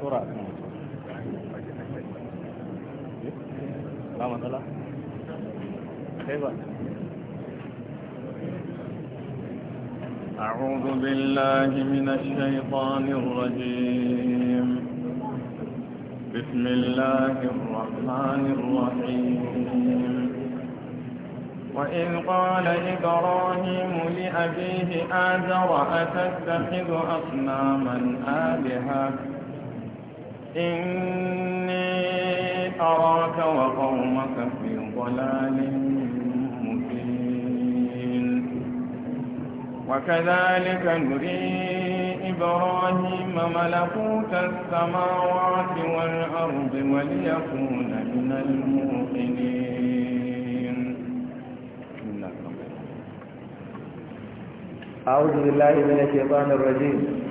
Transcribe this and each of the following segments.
أعوذ بالله من الشيطان الرجيم بسم الله الرحمن الرحيم وإذ قال إبراهيم لأبيه آذر أتتخذ أصناما آلهة إني أراك وقومك في ضلال مبين وكذلك نري إبراهيم ملكوت السماوات والأرض وليكون من الموقنين أعوذ بالله من الشيطان الرجيم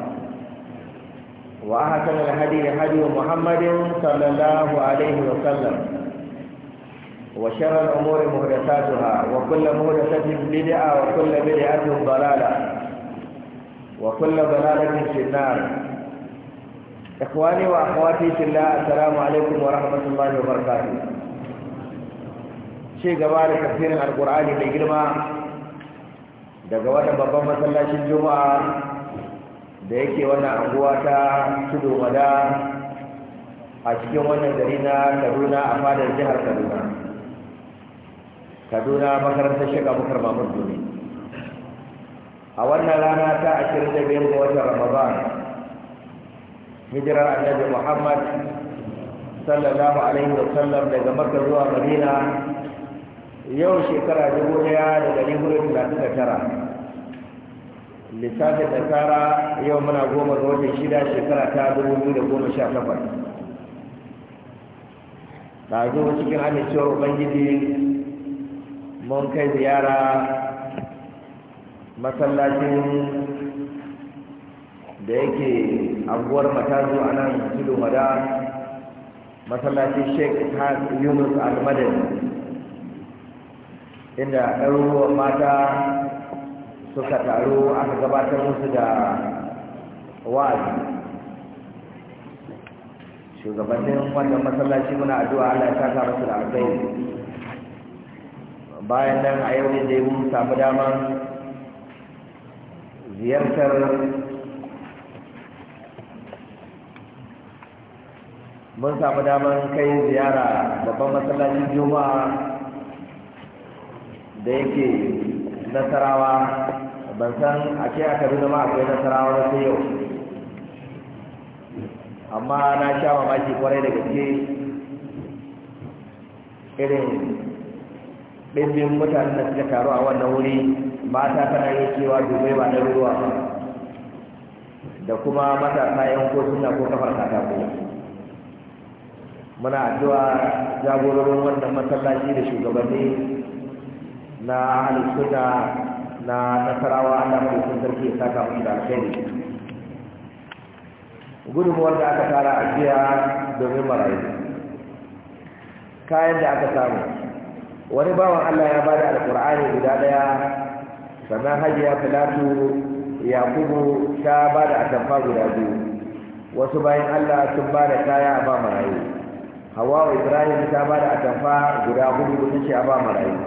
wa aha ka na ya hadi wa muhammadin sallallahu wa sallam wa sharar umuri muhdasa su ha wa kulla muhdasa su bide a wa kulla bide a su balala wa kulla balala su shi na wa kuwa fi shi la asalamu alaikum wa rahmatullahi wa barakatu gaba da kafirin alkur'ani mai girma daga wata babban masallacin juma'a da yake wannan anguwa ta tudu wada a cikin wannan gari na kaduna a fadar jihar kaduna kaduna makarantar shiga bukar mamur dole a wannan rana ta ashirin da biyar ga watan ramadan hijirar annabi muhammad sallallahu alaihi wa sallam daga makka zuwa madina yau shekara dubu daya da dari hudu talatin da tara lissafin tsara yau muna goma ga watan shida shekara ta dubu biyu da goma sha takwas na zo cikin amincewar ubangiji mun kai ziyara masallacin da yake abuwar matazu a nan tudun wada masallacin sheik yunus al-madani inda ɗaruruwan mata suka taru aka gabatar musu da wa'azi shugabannin wannan masallaci muna addu'a Allah ya saka musu da alkhairi bayan nan a yau ne mun samu damar ziyartar mun samu daman kai ziyara babban masallacin juma'a da yake nasarawa ban san a ce aka bi zama akwai nasara wani sai yau amma na sha mamaki kwarai da gaske irin ɗimbin mutanen da suka taru a wannan wuri mata tana yi cewa dubai ba na ruwa da kuma matasa yan ko suna ko kafar katako muna addu'a jagororin wannan masallaci da shugabanni na halittuna na nasarawa Allah mai sun sarki ya saka mu da alheri gudunmuwar da aka tara a jiya domin marayu kayan da aka samu wani bawan Allah ya bada alkur'ani guda daya sannan hajiya filatu yakubu ta bada atamfa guda biyu wasu bayan Allah sun bada kaya a ba marayu hawa ibrahim ta bada atamfa guda hudu ta ce a ba marayu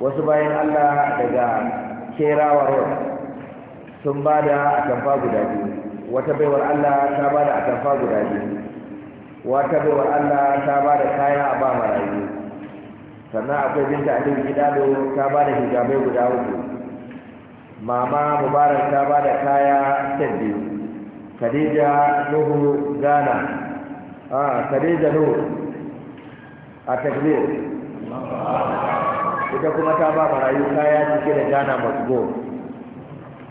wasu bayan Allah daga yau sun ba da atamfa guda biyu wata baiwar Allah ta ba da atamfa guda biyu wata baiwar Allah ta ba da kaya a ba marayu sannan akwai binta Ali Gidado ta ba da hijabai guda uku mama Mubarak ta ba da kaya set biyu Khadija Nuhu Ghana ah Khadija Nuhu a takbir ita kuma ta ba marayu kaya cike da gana masu go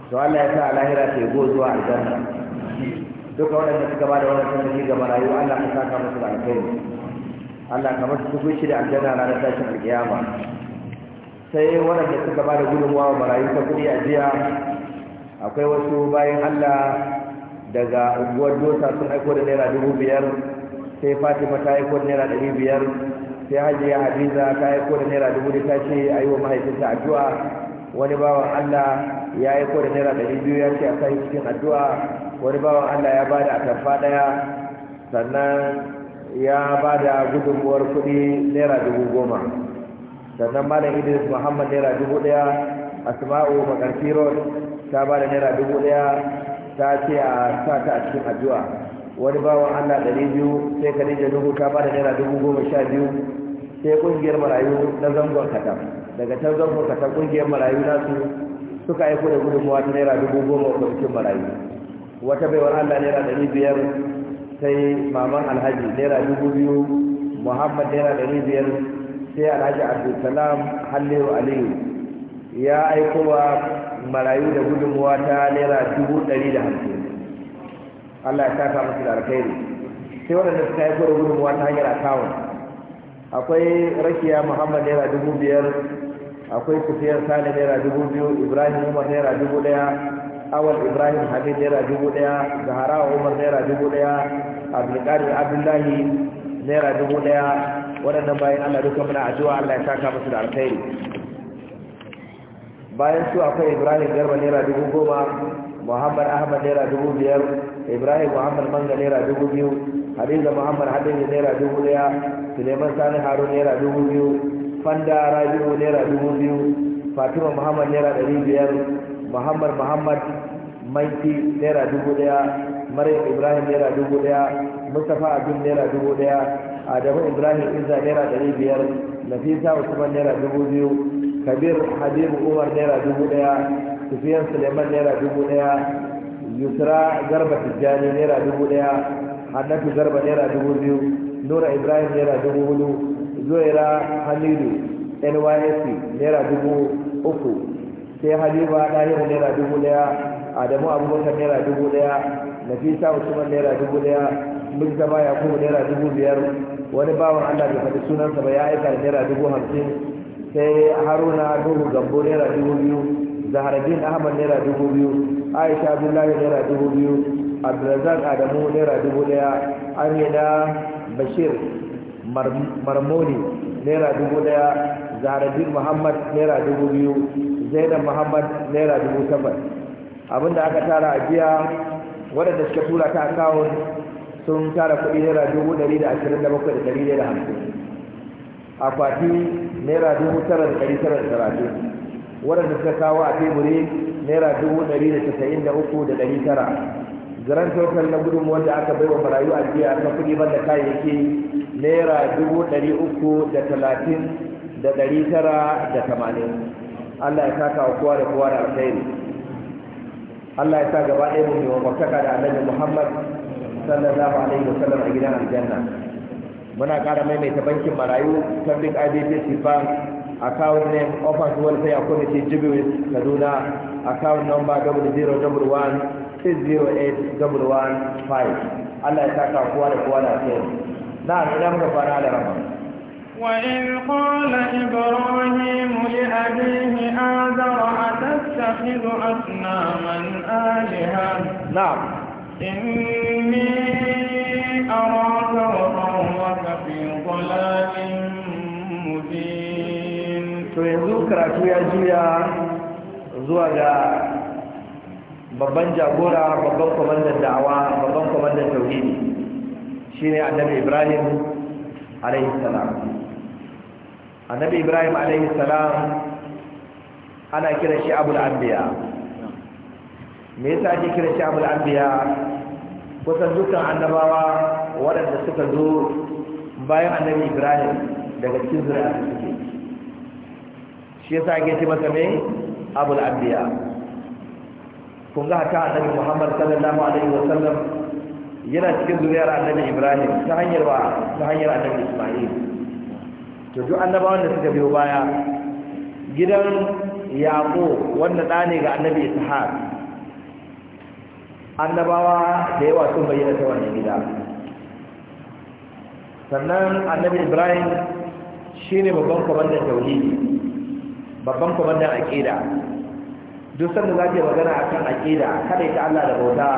to Allah ya sa a lahira ta go zuwa aljanna duka waɗanda suka ba da wannan tallafi ga marayu Allah ka saka musu da alkhairi Allah ka musu duk shi da aljanna ranar tashin alkiyama sai waɗanda suka ba da gudunmawa marayu ta kuɗi a jiya akwai wasu bayan Allah daga unguwar dosa sun aiko da naira dubu biyar sai fatima ta aiko da naira ɗari biyar sai hajiya hadiza ta yi da naira dubu da ta a yi wa mahaifinta addu'a wani bawan allah ya yi da naira ɗari biyu ya ce a sa cikin addu'a wani bawan allah ya bada atamfa ɗaya sannan ya ba da gudunmuwar kuɗi naira dubu goma sannan malam idris muhammad naira dubu ɗaya asma'u makarfi road ta ba da naira dubu ɗaya ta ce a sata a cikin addu'a wani bawan allah ɗari biyu sai kadija dubu ta bada naira dubu goma sha biyu sai ƙungiyar marayu na zangon katam daga can zangon katam ƙungiyar marayu na su suka aiko da gudunmawa ta naira dubu goma a kwamitin marayu wata baiwar allah naira ɗari biyar sai maman alhaji naira dubu biyu muhammad naira ɗari biyar sai alhaji abdulsalam halliru aliyu ya aiko wa marayu da gudunmawa ta naira dubu ɗari da hamsin Allah ya saka musu da alkhairi sai waɗanda suka yi gwada gudunmuwa ta hanyar akawun akwai rakiya muhammad naira dubu biyar akwai sufiyar sale naira dubu biyu ibrahim umar naira dubu ɗaya awal ibrahim hamid naira dubu ɗaya zahara umar naira dubu ɗaya abdulkadir abdullahi naira dubu ɗaya waɗannan bayan allah duka muna addu'a allah ya saka musu da alkhairi bayan su akwai ibrahim garba naira dubu goma muhammad ahmad naira dubu biyar ibrahim muhammad manga naira dubu biyu hadiza muhammad hadiza naira dubu daya suleiman sani harun naira dubu biyu fanda rabi'u naira dubu biyu fatima muhammad naira dari biyar muhammad muhammad maiti naira dubu daya maryam ibrahim naira dubu daya mustapha abdul naira dubu daya adamu ibrahim Iza naira dari biyar nafisa usman naira dubu biyu kabir habibu umar naira dubu daya sufiyan suleiman naira dubu daya yusra garba tijjani naira dubu ɗaya hannatu garba naira dubu biyu nura ibrahim naira dubu hudu zuwaira hamidu nysc naira dubu uku sai halima ɗahiru naira dubu ɗaya adamu abubakar naira dubu ɗaya nafisa usman naira dubu ɗaya mustapha yakubu naira dubu biyar wani bawan allah bai faɗi sunansa ba ya aika da naira dubu hamsin sai haruna duhu gambo naira dubu biyu zaharaddin ahmad naira dubu biyu aisha abdullahi naira dubu biyu abdulrazak adamu naira dubu daya amina bashir marmoni naira dubu daya zaharaddin muhammad naira dubu biyu zainab muhammad naira dubu takwas abinda aka tara a jiya waɗanda suka tura ta akawun sun tara kuɗi naira dubu ɗari da ashirin da bakwai da ɗari da hamsin akwati naira dubu tara da ɗari tara da talatin waɗanda suka kawo a teburi naira dubu ɗari da casa'in da uku da ɗari tara garan tokan na gudun wanda aka baiwa marayu a jiya na kuɗi ban da kayayyaki naira dubu ɗari uku da talatin da ɗari tara da tamanin allah ya saka wa kowa da kowa da alkhairi allah ya sa gaba ɗaya mu yi wa da annabi muhammad sallallahu alaihi wasallam a gidan aljanna muna ƙara maimaita bankin marayu public ibc bank account name offer to welfare committee Jibuit Kaduna account number 0011 608 Allah ya saka kowa da kowa da kai na ina muka fara da rama وإذ قال إبراهيم لأبيه آذر أتتخذ أصناما آلهة نعم إني أراك وقومك في ضلال to yanzu karatu ya juya zuwa ga babban jagora babban kwamandan da'awa babban kwamandan tauhidi shine annabi ibrahim alaihi salam annabi ibrahim alaihi salam ana kira shi abul anbiya me yasa ake kira shi abul anbiya kusan dukkan annabawa waɗanda suka zo bayan annabi ibrahim daga cikin zuri'a suke shi yasa ake ce masa me abul anbiya kun ga haka annabi Muhammad sallallahu alaihi sallam yana cikin zuriyar annabi Ibrahim ta hanyar wa ta hanyar annabi Isma'il to duk annabawan da suka biyo baya gidan yaqo wanda da ne ga annabi Ishaq annabawa da yawa sun bayyana ta wannan gida sannan annabi Ibrahim shine babban kwamandan tauhidi babban kwamandan aƙida duk sanda za ke magana a kan aƙida kada ita Allah da bauta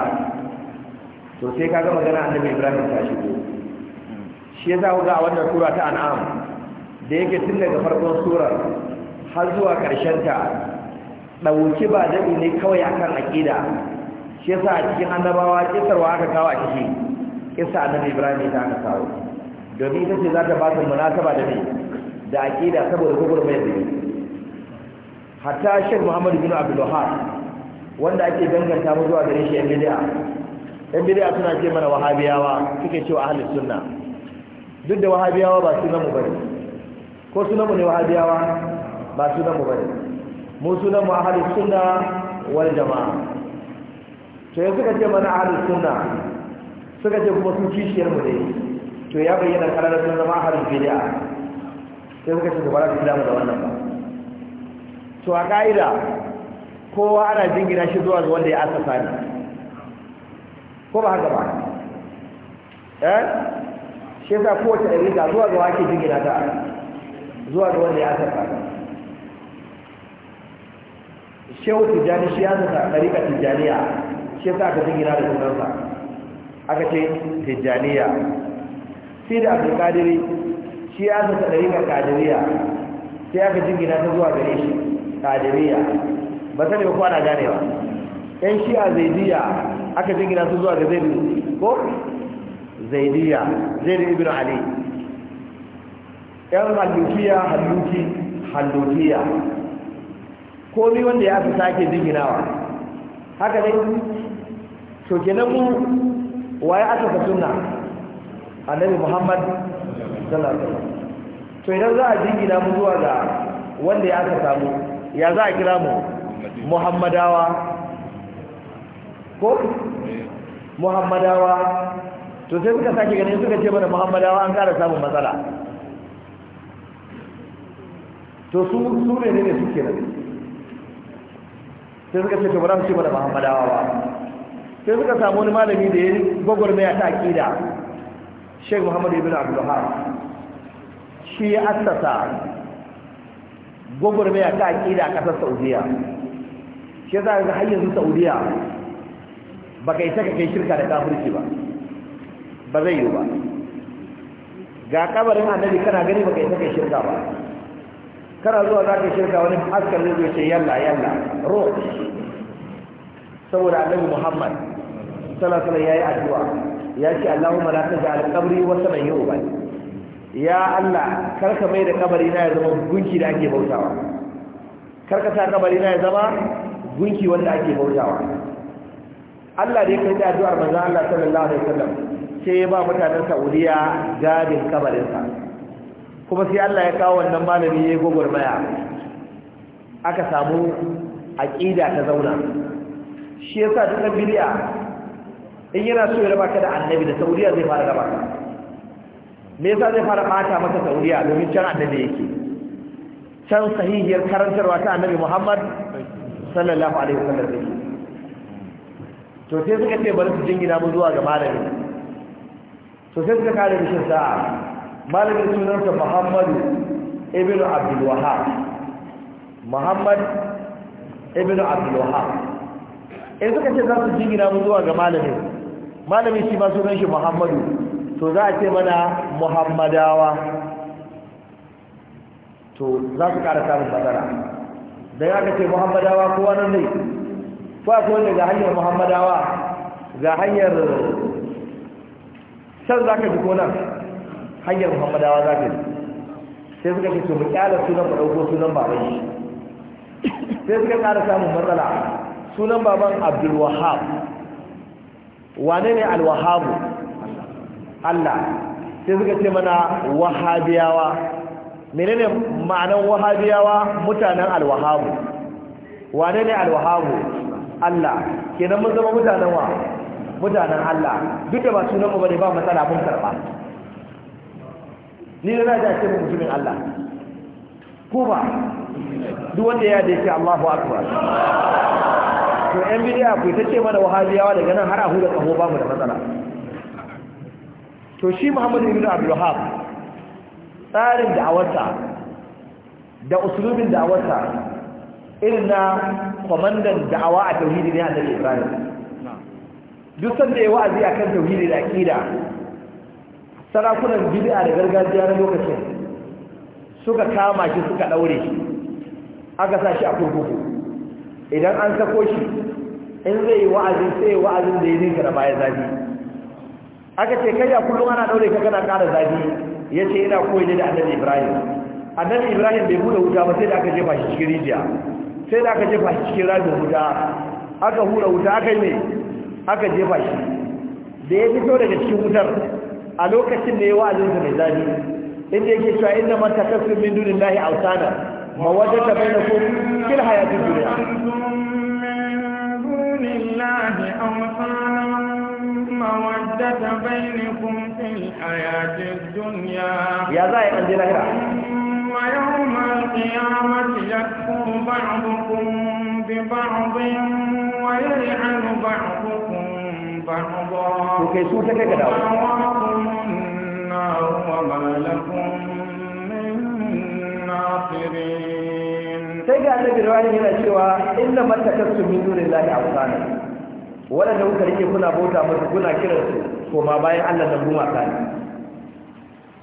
to sai ka ga magana annabi ibrahim ta shigo shi ya zaku ga a wannan sura ta an'am da yake tun daga farkon surar har zuwa ƙarshen ta ɗauki ba daɗi ne kawai akan aƙida shi sa a cikin annabawa ƙisarwa aka kawo a ciki ƙisa annabi ibrahim ta aka kawo domin ita ce za ta ba su munasaba da ne da aƙida saboda gugurmai zai hatta shek muhammadu bin abdullahar wanda ake danganta mu zuwa gare shi yan bidiya yan bidiya suna ce mana wahabiyawa suke cewa ahlus sunna duk da wahabiyawa ba su mu bane ko su mu ne wahabiyawa ba su mu bane mu su mu ahlus sunna wal jamaa to yanzu suka ce mana ahlus sunna suka ce kuma sun kishiyar mu ne to ya bayyana kararar sun zama ahlus bidiya sai suka ce ba za su kira mu da wannan ba to a ka'ida kowa ana jingina shi zuwa wanda ya asasa ne ko ba haka ba eh shi ta kowace ɗariƙa zuwa zuwa ake jingina ta zuwa zuwa wanda ya asasa shehu tijjani shi ya asasa ɗariƙa tijjaniya shi ta aka jingina da sunansa aka ce tijjaniya fi da abdulkadiri shi ya asasa ɗariƙa kadiriya sai aka jingina ta zuwa gare shi kadiriya ba sani ba ko ana ganewa yan shi'a Zaidiya aka jingina su zuwa ga Zaidu. ko zaidiya zaid ibn ali yan hallukiyya halluki Ko ni wanda ya fi sake jinginawa haka ne to kenan mu waye aka fa sunna annabi muhammad sallallahu alaihi wasallam to idan za a jingina mu zuwa ga wanda ya aka samu ya za a kira mu muhammadawa ko muhammadawa to sai suka sake ganin suka ce mana muhammadawa an kara samun matsala to su ne ne ne suke nan sai suka ce to bara su ce mana muhammadawa ba sai suka samu wani malami da ya gwagwarmaya ta akida sheikh Muhammadu ibn abdullahi shi ya assasa gwagwarmaya ta aƙida a ƙasar saudiya shi za a hanyar su saudiya ba kai saka kai shirka da kafirci ba ba zai yi ba ga kabarin annabi kana gani ba kai saka shirka ba kana zuwa za ka shirka wani askar zai ce yalla yalla ro saboda annabi muhammad sallallahu ya yi addu'a ya ce allahumma la taj'al qabri wa samayyu yi. ya Allah karka mai da kabari na ya zama gunki da ake bautawa karka sa kabari na ya zama gunki wanda ake bautawa Allah da ya kai addu'ar manzo Allah sallallahu alaihi wasallam sai ya ba mutanen Saudiya gadin kabarin sa kuma sai Allah ya kawo wannan malami gogor maya aka samu aqida ta zauna shi yasa duk bid'a in yana so ya raba ka da annabi da Saudiya zai fara raba ka me yasa zai fara bata masa sauriya domin can annabi yake can sahihiyar karantarwa ta annabi Muhammad sallallahu alaihi wasallam yake to sai suka ce bari su jingina mu zuwa ga malami to sai suka kare bishin sa'a malamin sunansa Muhammadu ibn Abdul Wahhab Muhammad ibn Abdul Wahhab in suka ce za su jingina mu zuwa ga malamin malami shi ma sunan shi Muhammadu to za a ce mana muhammadawa to za su ƙara samun matsala ya ka ce muhammadawa kowa nan ne fa ko ne ga hanyar muhammadawa ga hanyar can za ka ji ko nan hanyar muhammadawa za ka ji sai suka ce to mu kyala sunan mu ɗauko sunan baban shi sai suka ƙara samun matsala sunan baban abdulwahab wane ne alwahabu Allah sai suka ce mana wahabiyawa menene ma'anan wahabiyawa mutanen alwahabu wane ne alwahabu Allah kenan mun zama mutanen wa mutanen Allah duk da ba sunan mu bane ba matsala mun karba ni da na ce mu mutumin Allah ko ba duk wanda ya da yake Allahu akbar to NVIDIA ku ta ce mana wahabiyawa daga nan har a huda kaho ba mu da matsala to shi muhammadu ibn abdullahab tsarin da'awarsa da usulubin da'awarsa irin na kwamandan da'awa a tauhidi ne a nan ibrahim duk sanda ya wa'azi a kan tauhidi da aƙida sarakunan a da gargajiya na lokacin suka kama shi suka ɗaure shi aka sa shi a kurkuku idan an sako shi in zai yi wa'azin sai wa'azin da ya ninka da baya zafi aka ce kai a kullum ana daure ka kana ƙara zafi ya ce ina koyi ne da annabi ibrahim annabi ibrahim bai buɗe wuta ba sai da aka jefa shi cikin rijiya sai da aka jefa shi cikin rajin wuta aka hura wuta aka yi aka jefa shi da ya fito daga cikin wutar a lokacin da ya wa'azinsa mai zafi inda yake cewa inda man takassun min dunin lahi ausana mawadata bainakum fil hayatid dunya min dunillahi awsana mawaddata bainakum fil hayati dunya ya za'i an je lahira wa yawm al qiyamati yakfuru ba'dukum bi ba'dhin wa yal'anu ba'dukum ba'dhan okay so take it out wa ma lakum min nasirin sai ga annabi rawani yana cewa inna matakasu min dunillahi abdanan waɗanda kuka rike kuna bauta musu kuna kiran su koma bayan Allah da ka ne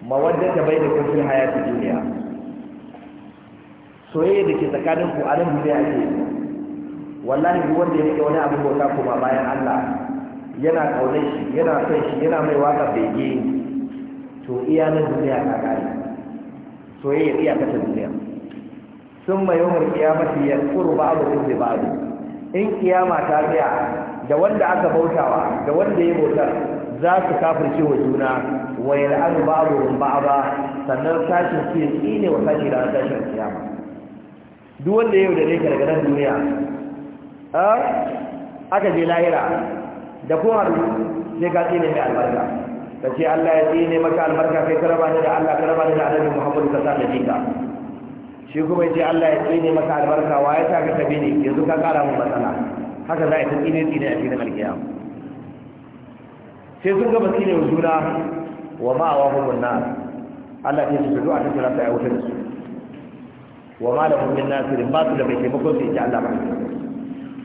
wanda ta bai da kofin hayati duniya soyayya da ke tsakanin ku a nan a ce wallahi duk wanda ya rike wani abin bauta koma bayan Allah yana kaunar shi yana son shi yana mai waka bege to iya nan duniya ta kare soyayya iya ta duniya sun mai yawon kiyamati ya kurba abu da ba'adu in kiyama ta biya. da wanda aka bautawa da wanda ya bauta za su kafirce wa juna wa yal'anu ba ba, sannan sashin su ya tsine wa sashi ranar tashin kiyama duk wanda ya ne ka daga nan duniya aka je lahira da ko haɗu sai ka tsine mai albarka ka ce Allah ya tsine maka albarka kai karaba ne da Allah karaba ne da annabi muhammadu ka sa da jika shi kuma ya ce Allah ya tsine maka albarka wa ya sa ka tabi ne yanzu ka kara mun matsala haka za a yi tsine tsine a filin alkiyama sai sun gaba tsine wa juna wa ma a hulun na Allah ce su zuwa ta tura ta ya wuta da su wa ma da hulun nasirin ba su da mai taimakon su ita Allah ba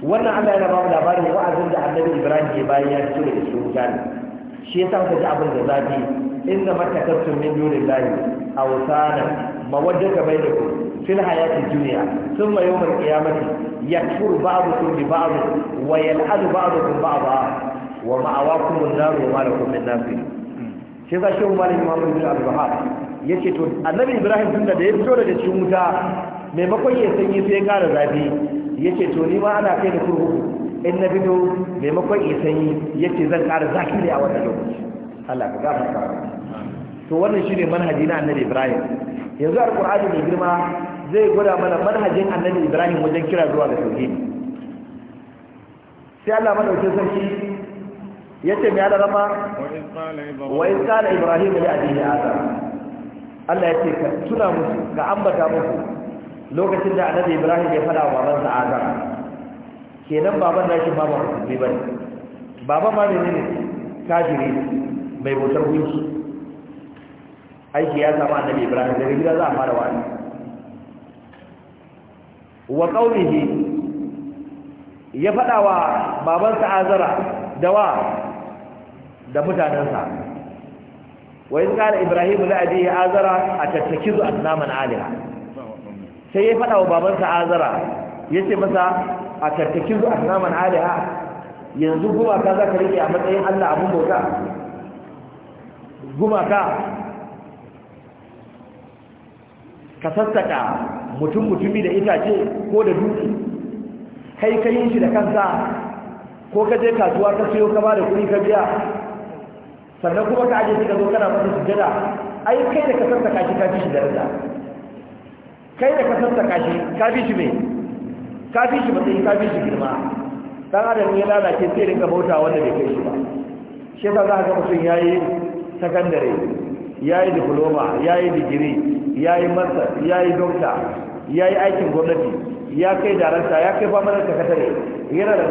wannan Allah yana ba mu labarin wa'azin da annabi Ibrahim ya bayan ya fito da su wuta ne shi yasa kuka ji abin da zafi maka matakattum min dunillahi awsana mawaddata bainakum fil hayati dunya thumma yawm al-qiyamati yakfuru ba'dukum bi ba'd wa yal'adu ba'dukum ba'dha wa ma'awakum an-nar wa ma lakum min nafi shi ga shi umar imam ibn al Ya ce to annabi ibrahim tunda da ya fito daga cikin wuta maimakon ya sanyi sai ya kara zafi ce to ni ma ana kai da kurkuku in na fito maimakon ya sanyi ce zan kara zafi ne a wannan lokaci Allah ka gafarta to wannan shine manhaji na annabi Ibrahim yanzu alqur'ani mai girma zai gwada mana manhajin annabi Ibrahim wajen kira zuwa ga tauhidi sai Allah madaukakin sarki yace mai Allah rama wa iz qala ibrahim li abihi adam Allah yace ka tuna musu ka ambata musu lokacin da annabi Ibrahim ya fada wa babansa Adam kenan baban nashi ba ba musulmi ne ne kafiri mai bautar gunki aiki ya samu annabi ibrahim daga gida za a fara wani wa ƙaunihi ya faɗa wa babansa azara da wa da mutanensa wa in kana ibrahim la abi azara a atattakizu annaman alaha sai ya faɗa wa babansa azara yace masa a atattakizu annaman alaha yanzu kuma ka zaka rike a matsayin Allah abun bauta gumaka ka sassaka mutum mutumi da itace ko da dutse kai ka shi da kansa ko ka je kasuwa ka siyo ka ba da kuɗi ka biya sannan kuma ka aje shi ka zo kana masa sujjada ai kai da ka sassaka shi ka fi shi daraja kai da ka sassaka shi ka fi shi me ka fi shi matsayi ka fi shi girma dan adam ya lalace sai rinka bauta wanda bai kai shi ba shi yasa za ka ga mutum yayi sakandare ya yi diploma ya yi digiri ya yi master ya yi dokta ya yi aikin gwamnati ya kai darasta ya kai famanar sakatare yana da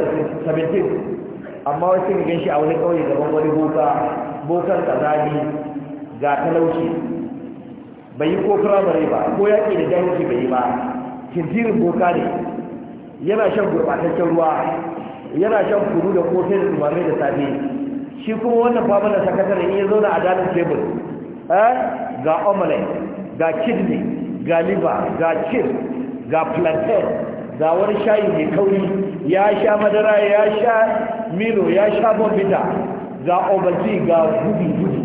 17 amma wasu ne ganshi a wani kauye gaban wani boka bokan kazani ga talauci bai yi ko firamare ba ko yaƙi da jahilci bai yi ba kintirin boka ne yana shan gurɓataccen ruwa yana shan kuru da kofin da da safe shi kuma wannan famanan sakatare in ya zauna a dalin tebul eh, ga omelette ga kidney ga liver ga chip ga plantain ga wani shayi mai kauri ya sha madara ya sha milo ya sha bombita ga obalti ga gudu-gudu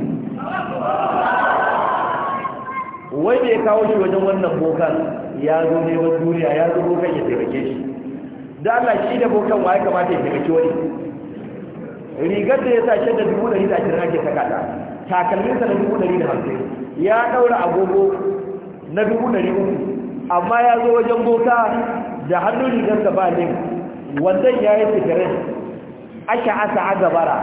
wai da ya kawo shi wajen wannan bokan ya zo neman duniya ya zo bokan ya taimake shi da Allah shi da bokan wa ya kamata ya taimake wani rigar da ya sa shi da dubu ɗari da ashirin ake saka ta takalminsa na dubu ɗari da hamsin ya ɗaura agogo na dubu ɗari uku amma ya zo wajen bota da hannun rigarsa ba ne wanzan ya yi sigarin asha asa a gabara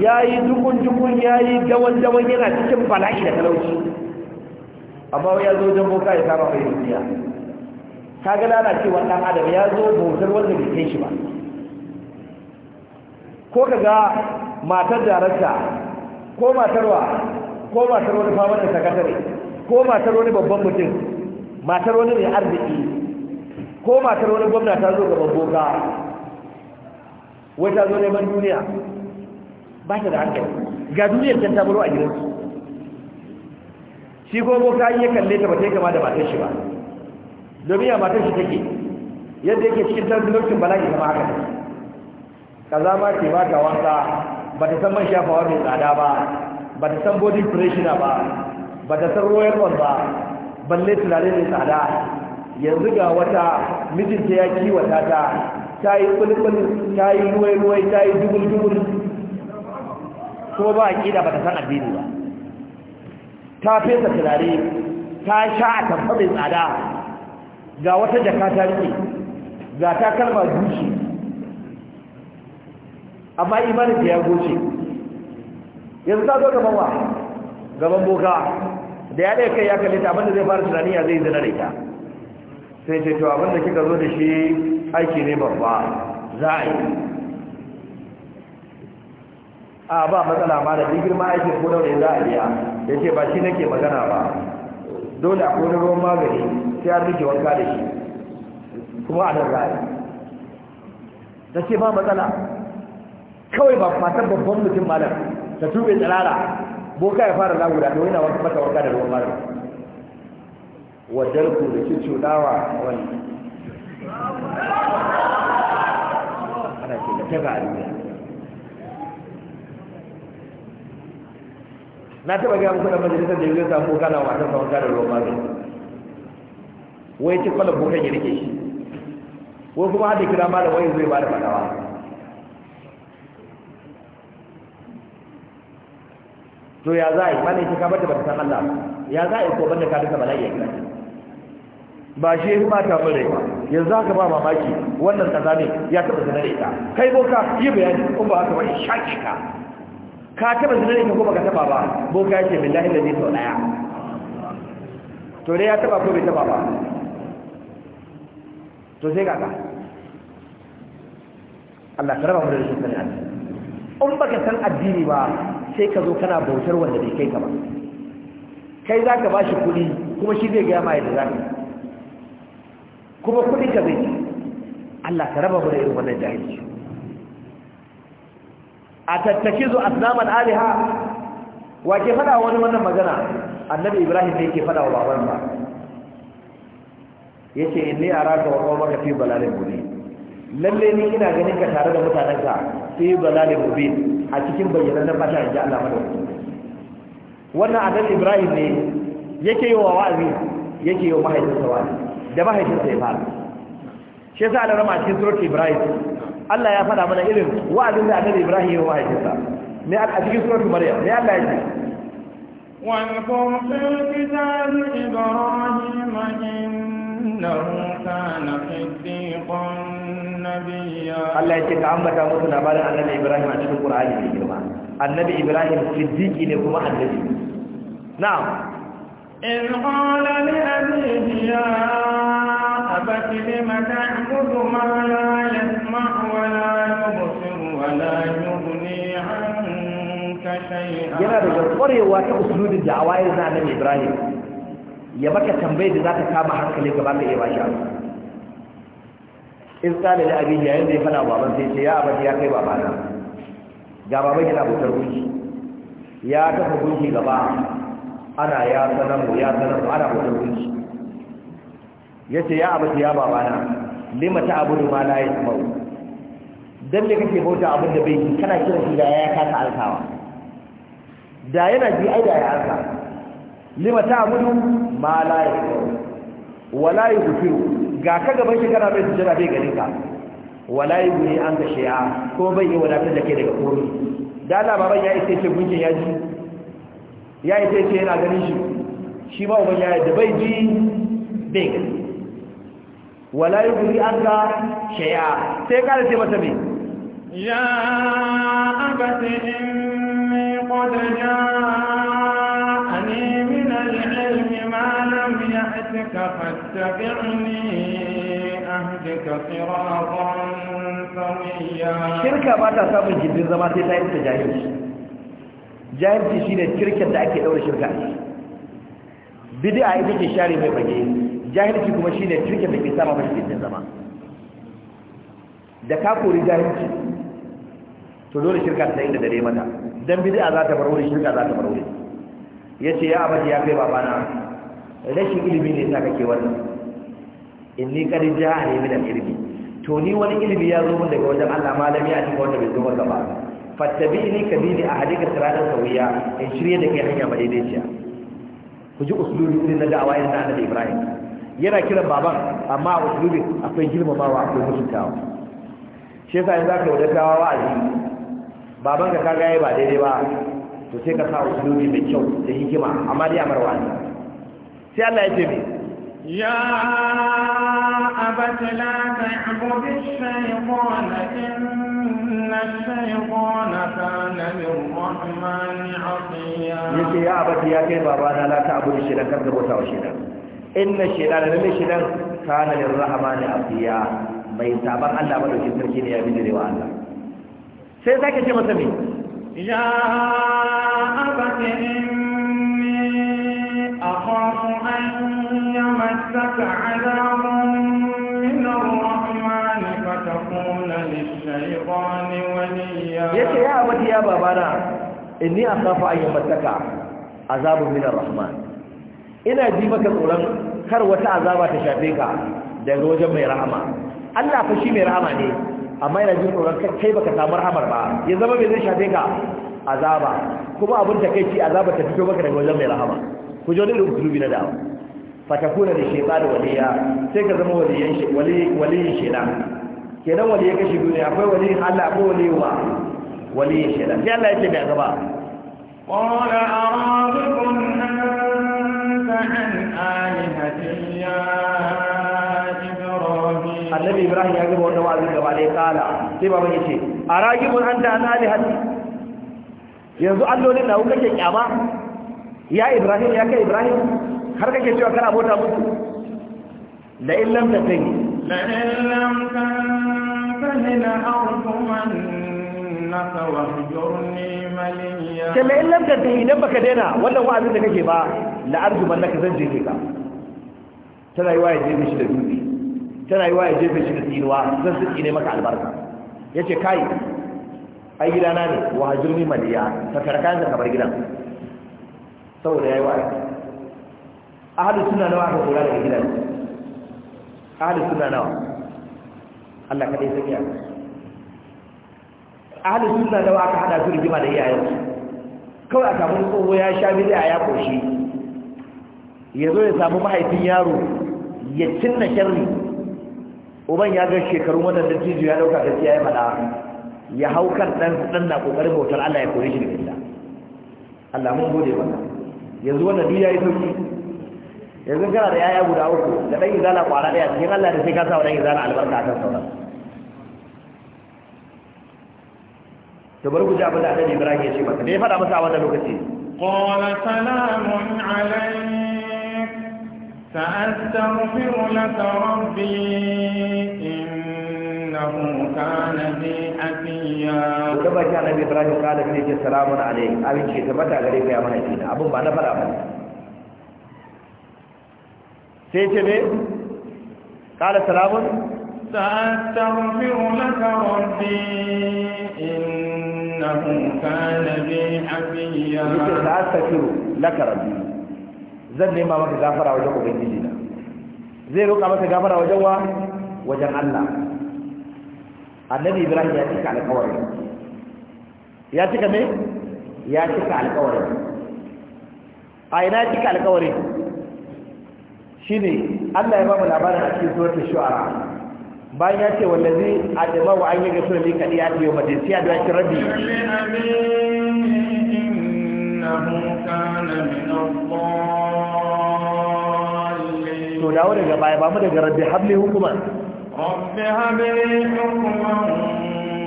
ya yi dukun-dukun ya yi dawan-dawan yana cikin bala'i da talauci amma ya zo wajen bota ya kama mai duniya ta ga lalacewa ɗan adam ya zo bautar wanda bai kai shi ba ko ka ga matar darakta ko matarwa ko matar wani famar da sakatare ko matar wani babban mutum matar wani mai arziki ko matar wani gwamna ta zo gaban boka wai ta zo neman duniya ba ta da hankali ga duniyar can ta baro a gidansu shi ko boka iya kalle ta ba ta yi kama da matar shi ba domin ya matar shi take yadda yake cikin talbulocin bala'i kama haka kaza ma ce ba ta wanka ba ta san man shafawa mai tsada ba ba ta san body pressure ba ba ta san royal one ba balle tunare mai tsada yanzu ga wata mijinta ya kiwata ta ta yi kulkul ta yi ruwai-ruwai ta yi dubul-dubul ko ba a kida ba ta san addini ba ta fesa tunani ta sha a tamfa mai tsada ga wata jaka ta rike ga ta kalma dushi amma imanin ya goce yanzu ta zo gaban wa gaban boka da ya ɗaya kai ya kalli ta abinda zai fara tunani ya zai zina da ita sai ce to abinda kika zo da shi aiki ne babba za a yi a ba matsala ma da ma aikin ko daure za a biya ya ce ba shi nake magana ba dole a kone ruwan magani sai an rike wanka da shi kuma a nan za a yi ta ce ba matsala kawai ba fatar babban mutum malam ta tube tsirara boka ya fara zagu da wani na wata mata warka da ruwan malam wajen ku da ke cudawa wani ana ce da taba a na taba gaya muku da majalisar da yanzu samu boka na matar sa warka da ruwan malam wai ci kwallon bukan yi rike shi ko kuma haɗe kira malam wani zai ba da fadawa to ya za a yi mana ita ka bata bata san Allah ya za a yi ko banda ka duka bala'i ya ba shi yi mata ba yanzu haka ba mamaki wannan kaza ne ya taɓa zina da ita kai boka yi bayani ko ba haka ba in shaƙe ka ka taɓa zina da ita ko baka taɓa ba boka ya ce billahi da zai sau ɗaya to dai ya taɓa ko bai taɓa ba to sai kaka Allah ka raba mu da rashin sanin addini in baka san addini ba sai ka zo kana bautar wanda bai kai ka ba kai za ka ba shi kuɗi kuma shi zai gaya ma yadda za ka kuma kuɗi ka zai Allah ka raba mu da irin wannan jahilci a tattake zo asnaman aliha wa ke faɗa wani wannan magana annabi ibrahim ne ke faɗa wa baban ba ya ce inni a raka wa kawo maka fi balalin guri lalle ni ina ganin ka tare da mutanenka fi balal mubin a cikin bayyana na fata inji Allah madawacin wannan adan Ibrahim ne yake yi wa wa'azi yake yi wa mahaifinsa wa'azi da mahaifinsa ya fara shi yasa Allah rama cikin surat Ibrahim Allah ya faɗa mana irin wa'azin da adan Ibrahim ya mahaifinsa ne a cikin surat Maryam ne Allah ya ce واذكر في الكتاب إبراهيم إنه كان صديقا Allah ya ce ka ambata musu labarin annabi Ibrahim a cikin Qur'ani mai girma annabi Ibrahim siddiqi ne kuma annabi na'am in qala li abihi ya abati lima ta'budu ma la yasma'u wa la yubsiru wa la yughni 'anka shay'an. yana da kwarewa ta usulin da'awa ya annabi Ibrahim ya baka tambayar da zaka kama hankali gaba da yawa shi. amsa in tsada da abin yayin da ya fada baban sai ce ya abin ya kai babana ga baban yana bautar gunki ya kafa gunki gaba ana ya sanar mu ya sanar mu ana bautar gunki ya ce ya abin ya babana lima ta abu ma yi yasmau Don ne kake bauta abin da bai yi kana kiran shi da ya kasa alkawa da yana ji ai da ya alka lima ta abu ma yi yasmau wala yughfiru ga ka gaban shi kana mai sujjada bai ganin ka wala yuni an ka shi'a ko bai yi wadatar da ke daga kori da Allah baban ya ita ce gunkin ya ji ya ita ce yana ganin shi shi ba uban ya da bai ji bai gani wala yuni an ka shi'a sai ka ce masa me ya abasi in qad jaa نفسك فاتبعني أهدك صراطا سويا شركة ما تسامن جدين زمان تتعين تجاهل جاهل تشيني شركة تأكي دور شركة bid'a ita ce mai fage jahilci kuma shine turke da ke sama mashi da zama da ka kori jahilci to dole shirka ta inda dare mata dan bid'a za ta bar wuri shirka za ta bar wuri yace ya abati ya kai babana rashin ilimi ne sa kake wannan kar ja ne min al-ilmi to ni wani ilimi ya zo mun daga wajen Allah malami a cikin wanda bai zo maka ba fattabini kabili ahadika siratan sawiya in shirye da kai hanya madaidaiciya ku ji usulubi irin na da'awa irin na annabi Ibrahim yana kiran baban amma a usulubi akwai girmamawa akwai mutuntawa shi yasa yanzu aka wada kawa wa'azi baban ka kaga yayi ba daidai ba to sai ka sa usulubi mai kyau da hikima amma dai amarwa ne sai Allah ya ce me ya abati la ta'budu ash-shaytana inna ash-shaytana kana lir-rahmani 'asiya yace ya abati ya kai babana la ta'budu shaytana kada bauta wa shaytan inna shaytana lalle shaytan kana lir-rahmani 'asiya bai saban Allah ba dokin sarki ne ya bijire wa Allah sai zaka ce masa me ya abati الله أن يمسك عذاب من الرحمن فتكون للشيطان وليا يا يا أبتي يا بابانا إني أخاف أن يمسك عذاب ina ji maka tsoron kar wata azaba ta shafe ka daga wajen mai rahama Allah fa shi mai rahama ne amma ina ji tsoron kai baka samu rahamar ba ya zama mai zai shafe ka azaba kuma abin takeici azaba ta fito maka daga wajen mai rahama ku ji wani irin usulubi na da'awa fatakuna da waliya sai ka zama waliyan waliyin shaitan kenan waliyan kashi duniya akwai waliyin Allah ko waliyin waliyin shaitan sai Allah ya ce da gaba قال أراغب أنت عن آلهتي يا إبراهيم النبي إبراهيم يقول sai وعزيز عليه قال كيف أبني an أراغب أنت عن yanzu allolin na ke kyama ya ibrahim ya kai ibrahim har kake cewa kana bota musu la illam ta tantahi la illam lam tantahi la arjuman naka wahjurni maliya ke la illam ta tantahi baka daina wannan wa'azin da kake ba la arjuman naka zan jefe ka ta rayuwa ya jefe shi da dubi ta rayuwa ya jefe shi da tsinuwa zan su ne maka albarka yace kai ai gidana ne wahjurni maliya ka karkata ka bar gidan saboda ya yi wa'azi hadu suna nawa aka kula daga gidan hadu suna nawa Allah kaɗai sanya a hadu suna nawa aka hada su rigima da iyayensu kawai a samun tsoho ya sha bid'a ya koshi ya zo ya samu mahaifin yaro ya cinna sharri uban ya ga shekaru wannan dattijo ya dauka siya ya faɗa ya hau kan ɗan na ƙoƙarin bautar Allah ya kore shi da gida Allah mun gode wannan yanzu wannan duk ya sauki yanzu kana da yaya guda uku da dan izala kwara daya cikin Allah da sai ka sa wa dan izala albarka kan sauran to bari ku ji abin da Annabi Ibrahim ya ce masa da ya faɗa masa a wannan lokaci qala salamun alayk sa'astaghfiru laka rabbi إنه كان بي حفيا kuma ki annabi Ibrahim kada ne ke salamun alaihi abin ce tabbata gare ka ya mahaifi na abin ba na fara ba sai ce ne kada salamun sa'astaghfiru laka rabbi innahu kana bi zan nema maka gafara wajen ubangiji na zai roka maka gafara wajen wa wajen Allah النبي إبراهيم ياتيك على قواري ياتيك مين؟ ياتيك على قواري أين ياتيك على قواري؟ شيني ألا إمام العبارة في سورة الشعراء باي ياتي والذي أدبه أن يقصر لي كان ياتي يوم الدين سياد ياتي ربي إنه كان من الضالين تولاوري يا باي بامر يا ربي حبلي هكما رب هب لي حكما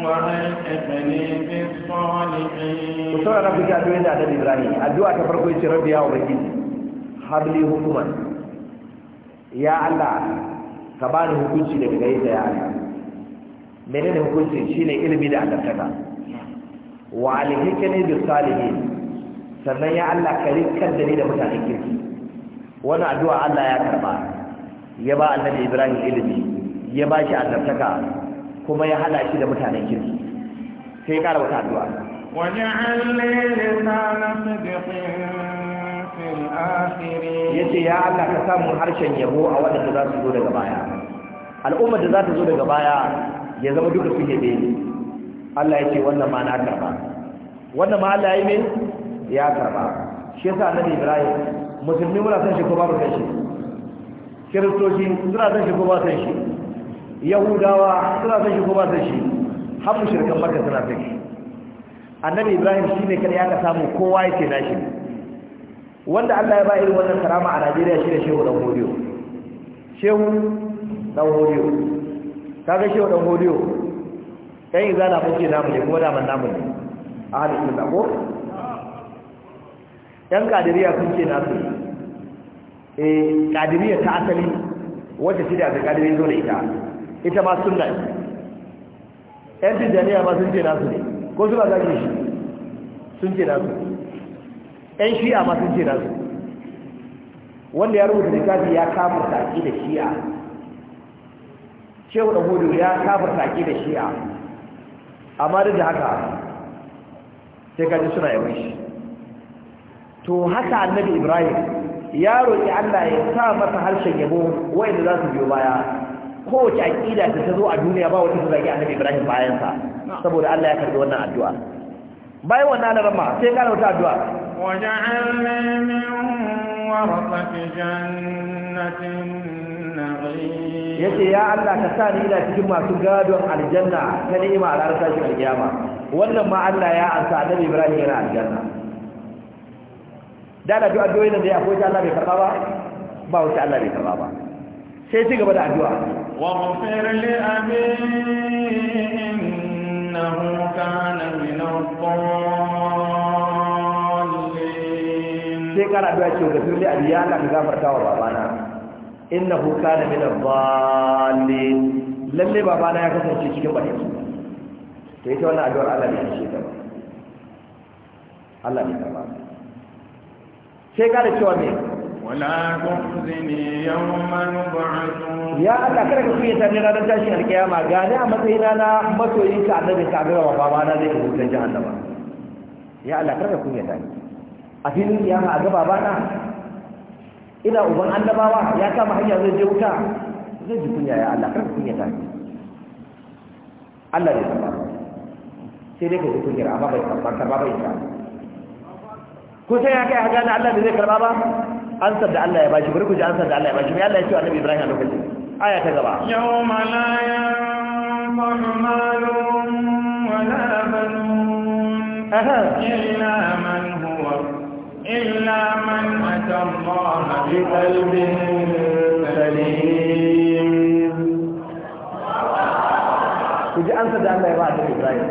وألحقني بالصالحين وصلى ربك أدوية على إبراهيم الدعاء تفرقوا يسير ربي يا أبكي هب لي حكما يا الله كباني hukunci daga gaisa ya Allah menene hukunci shine ilimi da annabtaka wa alhikani bi salihin sannan ya Allah ka da ni da mutanen kirki wannan addu'a Allah ya karba ya ba annabi Ibrahim ilimi ya ba shi annabtaka kuma ya hada shi da mutanen kirki sai ya kara wata addu'a ya ce ya Allah ka samu harshen yabo a waɗanda za su zo daga baya al'ummar da za ta zo daga baya ya zama duka su yabe ni Allah ya ce wannan ma na karba wannan ma Allah ya yi ne ya karba shi yasa annabi Ibrahim musulmi muna san shi ko babu san shi kiristoci suna san shi ko ba san shi yahudawa suna son shi ko ba son shi har mushrikan makka suna son shi annabi ibrahim shine kada ya ka samu kowa yake nashi wanda Allah ya ba irin wannan karama a Najeriya shi ne shehu dan hodiyo shehu dan hodiyo kaga shehu dan hodiyo kai izala kuke namu ne kuma da man namu ne a halin da ko Ɗan kadiriya kun ce nasu eh kadiriya ta asali wacce shi da kadiriya zo da ita ita ma sunna ne yan tijjaniya ma sun ce nasu ne ko suna zage shi sun ce nasu yan shi'a ma sun ce nasu wanda ya rubuta littafi ya kafar taƙi da shi'a shehu da hudu ya kafar taƙi da shi'a amma duk da haka sai kaji suna yawon shi to haka annabi ibrahim ya roƙi allah ya sa masa harshen yabo wa'inda za su biyo baya kowace aqida da ta zo a duniya ba wani zagi annabi Ibrahim bayan sa saboda Allah ya karbi wannan addu'a bayan wannan rama sai ka wata addu'a waja'alna min warqati jannatin na'im yace ya Allah ka sa ni ina cikin masu gadon aljanna ta ni'ima a ranar tashin alkiyama wannan ma Allah ya ansa annabi Ibrahim yana aljanna da da addu'a da ya akwai ta Allah bai karba ba ba wata Allah bai karba ba sai ci gaba da addu'a واغفر لأبي إنه كان من الضالين سيكار أبي أشيو غفر لأبي يا الله كغفر تاوى بابانا إنه كان من الضالين lalle babana ya kasance cikin bakin to ita wannan addu'ar Allah ne ya ce ta Allah ne ta ba sai ولا تخزني يوم يبعثون يا الله kada ka kuya tani ranar tashin alkiyama ga ne a matsayina na masoyin ka annabi ka ga wa baba na zai kusa jahannama ya Allah kada ka kuya tani a filin kiyama a gaba bana ina uban annabawa ya kama hanya zai je wuta zai ji kunya ya Allah kada ka kuya tani Allah ne tabbata sai dai ka ji kunya amma bai tabbata ba bai ta ko sai ya kai hajjana Allah da zai karba ba ansar da Allah ya bashi bari ku ji ansar da Allah ya bashi mai Allah ya ce annabi Ibrahim a lokacin aya ta gaba yawma la yanfa'u malun wala banun illa man huwa illa man ata Allah bi qalbin salim ku ji ansar da Allah ya ba annabi Ibrahim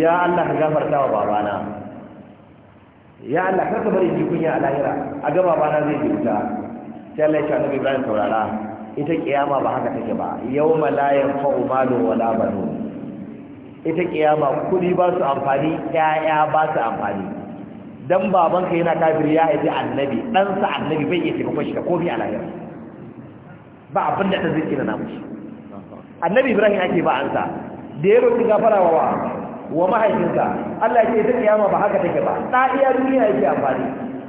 ya Allah ka gafarta wa babana ya Allah kar ka bari ji kunya a lahira a gaba ba na zai ji wuta sai Allah ya ce annabi Ibrahim saurara ita kiyama ba haka take ba yawma la yanfa'u malu wala banun ita kiyama kudi ba su amfani ƴaƴa ba su amfani dan babanka yana kafiri ya haifi annabi dan sa annabi bai iya taimakon shi da komai a lahira ba abin da ta kina na mushi annabi Ibrahim ake ba ansa da ya roki gafara wa wa mahaifinka Allah ya ce ita kiyama ba haka take ba da iya duniya yake amfani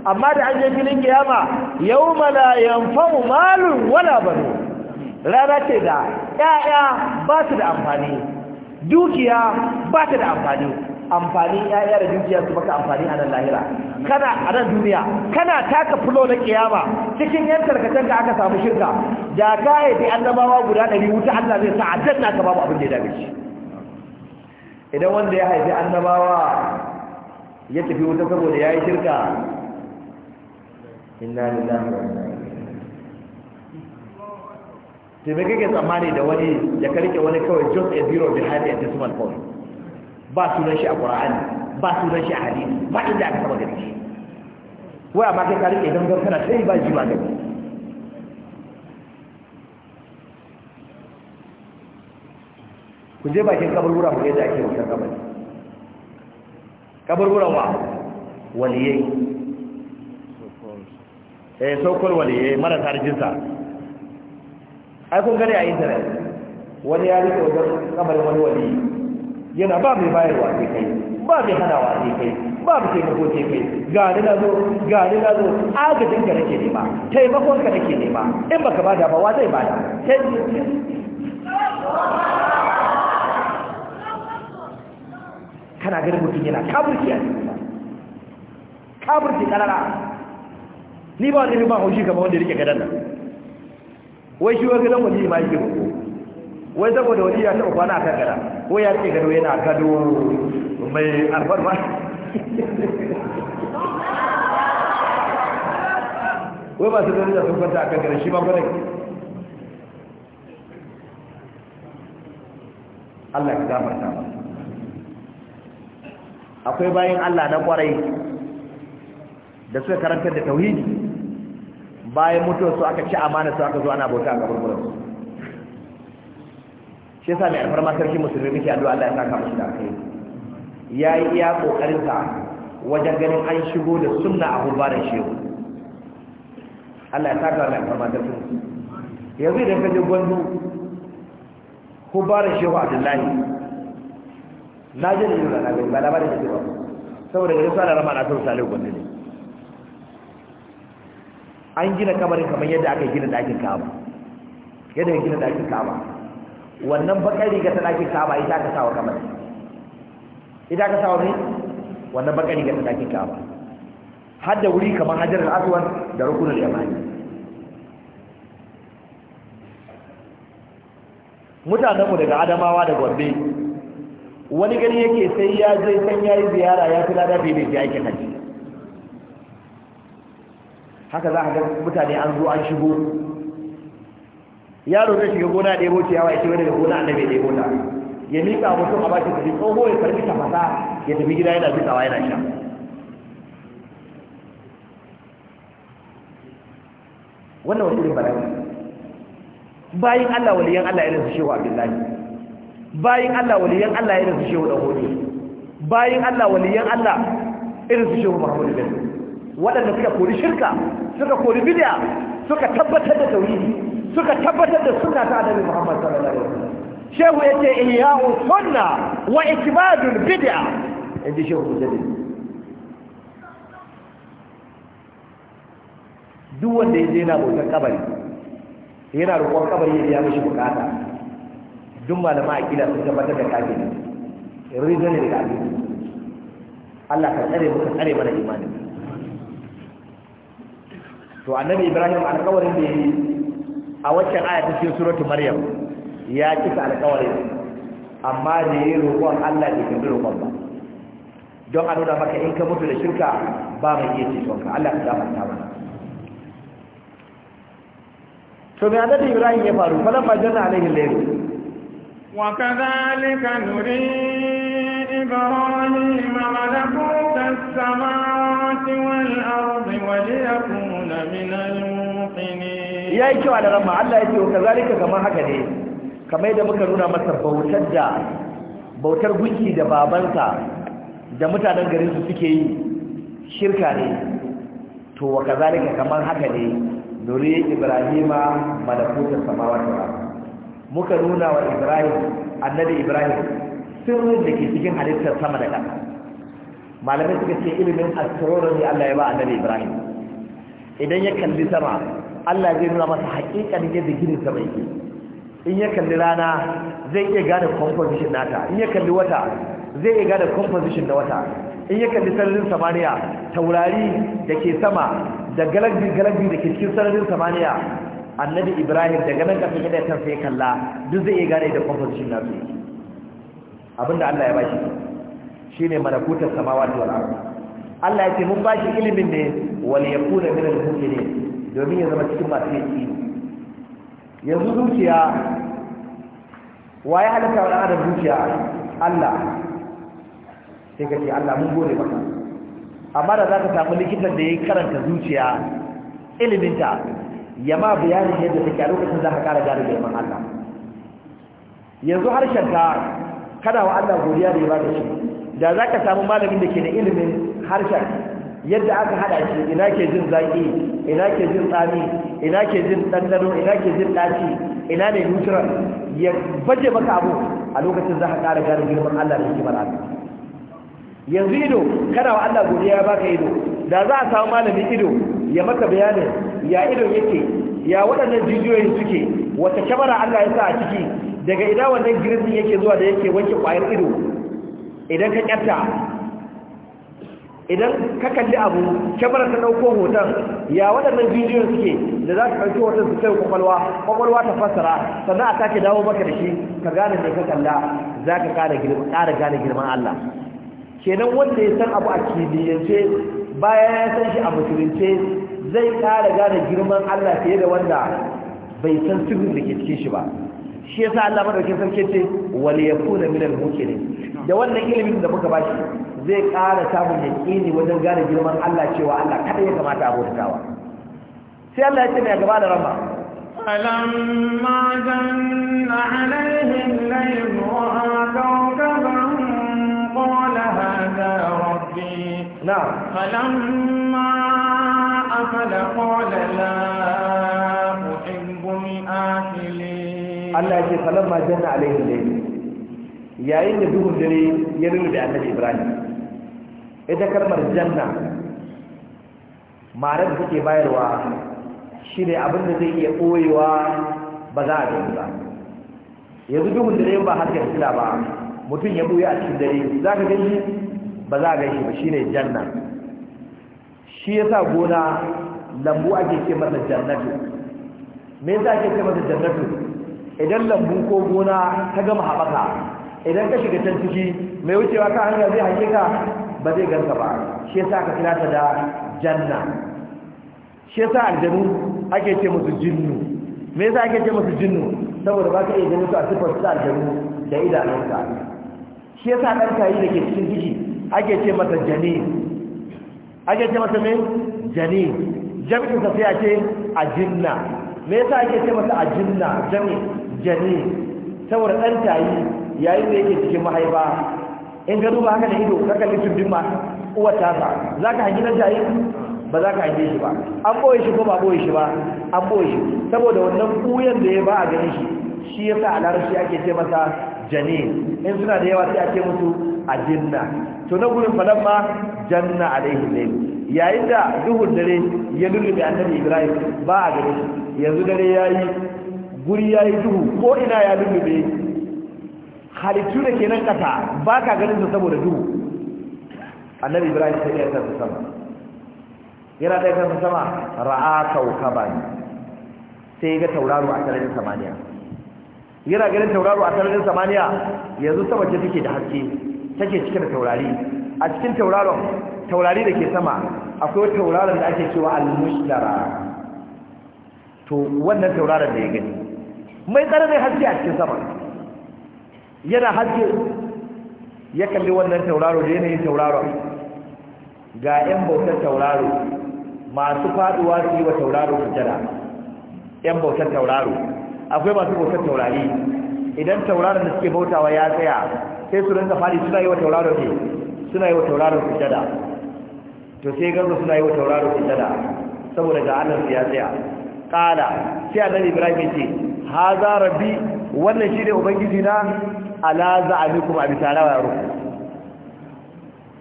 amma da an je filin kiyama yawma la yanfa'u malun wala banu rana ce da ƴaƴa ba su da amfani dukiya ba ta da amfani amfani ƴaƴa da dukiya su baka amfani a nan lahira kana a nan duniya kana taka fulo na kiyama cikin yan tarkacen da aka samu shirka da ka haifi annabawa guda ɗari wuta Allah zai sa a danna ka babu abin da ya dace idan wanda ya haifi annabawa ya tafi wuta saboda ya yi shirka inna lillahi wa inna ilaihi raji'un kake tsammani da wani ya karke wani kawai just a zero behind a decimal point ba sunan shi a qur'ani ba sunan shi a hadisi ba inda aka saba gari shi wai amma kai karke rike gangan sai ba ji gari ku je bakin kaburbura ku yadda ake wutar kabari kaburburan wa waliyai eh saukar waliyai marasa rajinsa ai kun gani a intanet wani ya rike wajen kabarin wani waliyi yana ba mai bayarwa sai kai ba mai hanawa sai kai ba mai taimako sai kai gani na zo gani na zo agajin ka nake nema taimakon ka nake nema in baka bada ba wa zai bada kana ganin mutum yana kafirci a cikin kafirci karara ni ba wani ba haushi kama wanda rike gadon nan wai shi wa gadan wani ma yake bako wai saboda wani ya taɓa kwana a kan gada ko ya rike gado yana gado mai alfarma wai ba su da sun kwanta a kan gada shi ba kwanaki Allah ya gafarta mana akwai bayan Allah na kwarai da suka karantar da tauhidi bayan mutuwar su aka ci amana su aka zo ana bauta a kaburburan su shi yasa mai alfarma sarki musulmi muke addu'a Allah ya saka musu da kai yayi iya kokarin sa wajen ganin an shigo da sunna a gurbanin shehu Allah ya saka mai alfarma sarki yanzu idan ka je gwanzo ko barin shehu Abdullahi na je da jiro na gani ba labarin da jiro saboda gari su ana rama na sau salihu gwanda ne an gina kamarin kamar yadda aka gina ɗakin kaba yadda aka gina ɗakin kaba wannan bakar riga ta ɗakin kaba ita aka sawa kamar. ita aka sawa ne wannan bakar riga ta ɗakin kaba har da wuri kamar hajar al'aswar da rukunar yamani mutanenmu daga adamawa da gombe wani gani yake sai ya je san ya yi ziyara ya fi lada fiye da ya aikin hajji haka za a ga mutane an zo an shigo yaro zai shiga gona ɗebo ciyawa ya wani da gona annabi ya ɗebo ta ya nika mutum a bashi tafi tsoho ya ta tafasa ya tafi gida yana miƙawa yana sha wannan wasu ne bala'i bayin Allah waliyan Allah irin su shehu Abdullahi bayin Allah waliyan Allah irin su shehu da hoto bayin Allah waliyan Allah irin su shehu Muhammadu bin waɗanda suka kori shirka suka kori bid'a suka tabbatar da tauhidi suka tabbatar da suna ta annabi Muhammad sallallahu alaihi wasallam shehu yace ihya'u sunna wa ikmadul bid'a inda shehu mujaddid duk wanda yaje na bautar kabari yana roƙon kabari ya biya mishi bukata duk malama a kila sun tabbatar da kafiri rizo ne daga abin Allah ka tsare muka tsare mana imanin to annabi Ibrahim alƙawarin da yi a waccan aya ta ce suratu Maryam ya cika alƙawarin amma da yi roƙon Allah da karbi roƙon ba don a nuna maka in ka mutu da shirka ba mai iya tsonka Allah ka gafarta mana to me annabi Ibrahim ya faru falamma janna alaihi lairu وكذلك نري إبراهيم ملكوت السماوات والأرض وليكون من الموقنين يا إيشو على رمى الله يجي كذلك كما هكذا كما إذا مكرونا مصر فوتجا bautar gunki da babansa da mutanen garin su suke yi shirka ne to wa kazalika kamar haka ne nuri ibrahima malakutar samawa ta muka nuna wa ibrahim annabi ibrahim sirrin da ke cikin halittar sama da ƙasa malamai suka ce ilimin astronomy Allah ya ba annabi ibrahim idan ya kalli sama Allah zai nuna masa haƙiƙanin yadda ginin sama yake in ya kalli rana zai iya gane composition nata in ya kalli wata zai iya gane composition na wata in ya kalli sararin samaniya taurari da ke sama da galabi galabi da ke cikin sararin samaniya annabi ibrahim daga nan kafin yana ta sai kalla duk zai gane da kofar shi na su abinda allah ya ba shi shine malakutar samawati wal ardh allah ya ce mun ba shi ilimin ne wal yakuna min al mu'minin domin ya zama cikin masu yaki yanzu zuciya waye halaka wa adam zuciya allah sai kace allah mun gode maka amma da za ka samu likitan da ya karanta zuciya iliminta ya ma bayanin yadda take a lokacin za ka kara gane girman Allah yanzu harshen ka kana wa Allah godiya da ya baka shi da za ka samu malamin da ke da ilimin harshen yadda aka hada shi ina ke jin zaki ina ke jin tsami ina ke jin ɗanɗano, ina ke jin daci ina ne neutral ya baje maka abu a lokacin za ka kara gane girman Allah da ke Allah yanzu ido kana wa Allah godiya ya baka ido da za a samu malamin ido ya maka bayanin ya ido yake ya waɗannan jijiyoyin suke wata kyamara Allah ya sa a ciki daga ina wannan girzin yake zuwa da yake wanke ƙwayar ido idan ka ƙyarta idan ka kalli abu kyamarar ta ɗauko hoton ya waɗannan jijiyoyin suke da za ka ɗauki hoton su kai kwakwalwa kwakwalwa ta fassara sannan a sake dawo maka da shi ka gane mai ka kalla za ka ƙara gane girman Allah kenan wanda ya san abu a kimiyyance bayan ya san shi a musulunce zai kara gane girman Allah fiye da wanda bai san sirrin da ke cikin shi ba shi yasa Allah madaukakin sarki ce wal yakuna minal ne da wannan ilimin da muka bashi zai kara samun yaƙini wajen gane girman Allah cewa Allah kada ya kamata tawa sai Allah ya ce mai gaba da rama فلما جن عليه الليل رأى كوكبا Náà. Fàlámà akàdà kọ́lẹ̀ láàrù ẹgbùn ákìlẹ̀. Allah ṣe fàlámà jẹ́ náà alẹ́ ìlẹ̀. Yayin da duhun dare ya rinu da annabi Ibrahim. Ita kalmar janna, marar da take bayarwa shi ne abinda zai iya koyewa ba za a gani ba. Yanzu duhun dare ba har ba, mutum ya buya a cikin dare, za ka gani ba za a gaishe ba shi ne janna shi ya sa gona lambu ake ce masa jannatu me yasa ake ce masa jannatu idan lambu ko gona ta gama haɓaka idan ka shiga can ciki mai wucewa ka hanyar zai haƙe ka ba zai ganka ba shi ya sa ka kira ta da janna shi ya sa aljanu ake ce musu jinnu me za ake ce musu jinnu saboda ba ka iya ganin su a siffar su aljanu da idanunka shi ya sa ɗan kayi da ke cikin ciki ake ce masa jani ake ce masa mai jani jami'in ta sai a ce ajinna me yasa ake ce masa ajinna jami jani saboda ɗan tayi yayin da yake cikin mahaifa in ga duba haka da ido ka kalli tuddin ma uwa tasa za ka hangi na tayi ba za ka hange shi ba an ɓoye shi ko ba ɓoye shi ba an ɓoye shi saboda wannan ɓuyan da ya ba a gani shi shi yasa a larabci ake ce masa jani in suna da yawa sai a mutu ajinna to na gurin fadan ma janna alaihi layl yayin da duhun dare ya lullube annabi ibrahim ba a gare yanzu dare yayi guri yayi duhu ko ina ya lullube halittu da ke nan kasa ba ka ganin su saboda duhu annabi ibrahim sai ya tafi sama yana da kansa sama ra'a kawkaban sai ga tauraro a sararin samaniya yana ganin tauraro a sararin samaniya yanzu sama ce take da haske take cike da taurari a cikin tauraron taurari da ke sama akwai tauraron da ake cewa al-mushtara to wannan tauraron da ya gani mai tsananin haske a cikin sama yana haske ya kalli wannan tauraro da yanayin tauraron ga 'yan bautar tauraro masu faduwa su yi wa tauraro jira, 'yan bautar tauraro akwai masu bautar taurari idan tauraron da suke bautawa ya tsaya sai su rinka fadi suna yi wa tauraron ne suna yi wa tauraron jada to sai garba suna yi wa tauraron jada saboda ga su ya tsaya kala sai annabi Ibrahim ya ce za rabbi wannan shi ne ubangiji na ala nukuma a bisa ya ruku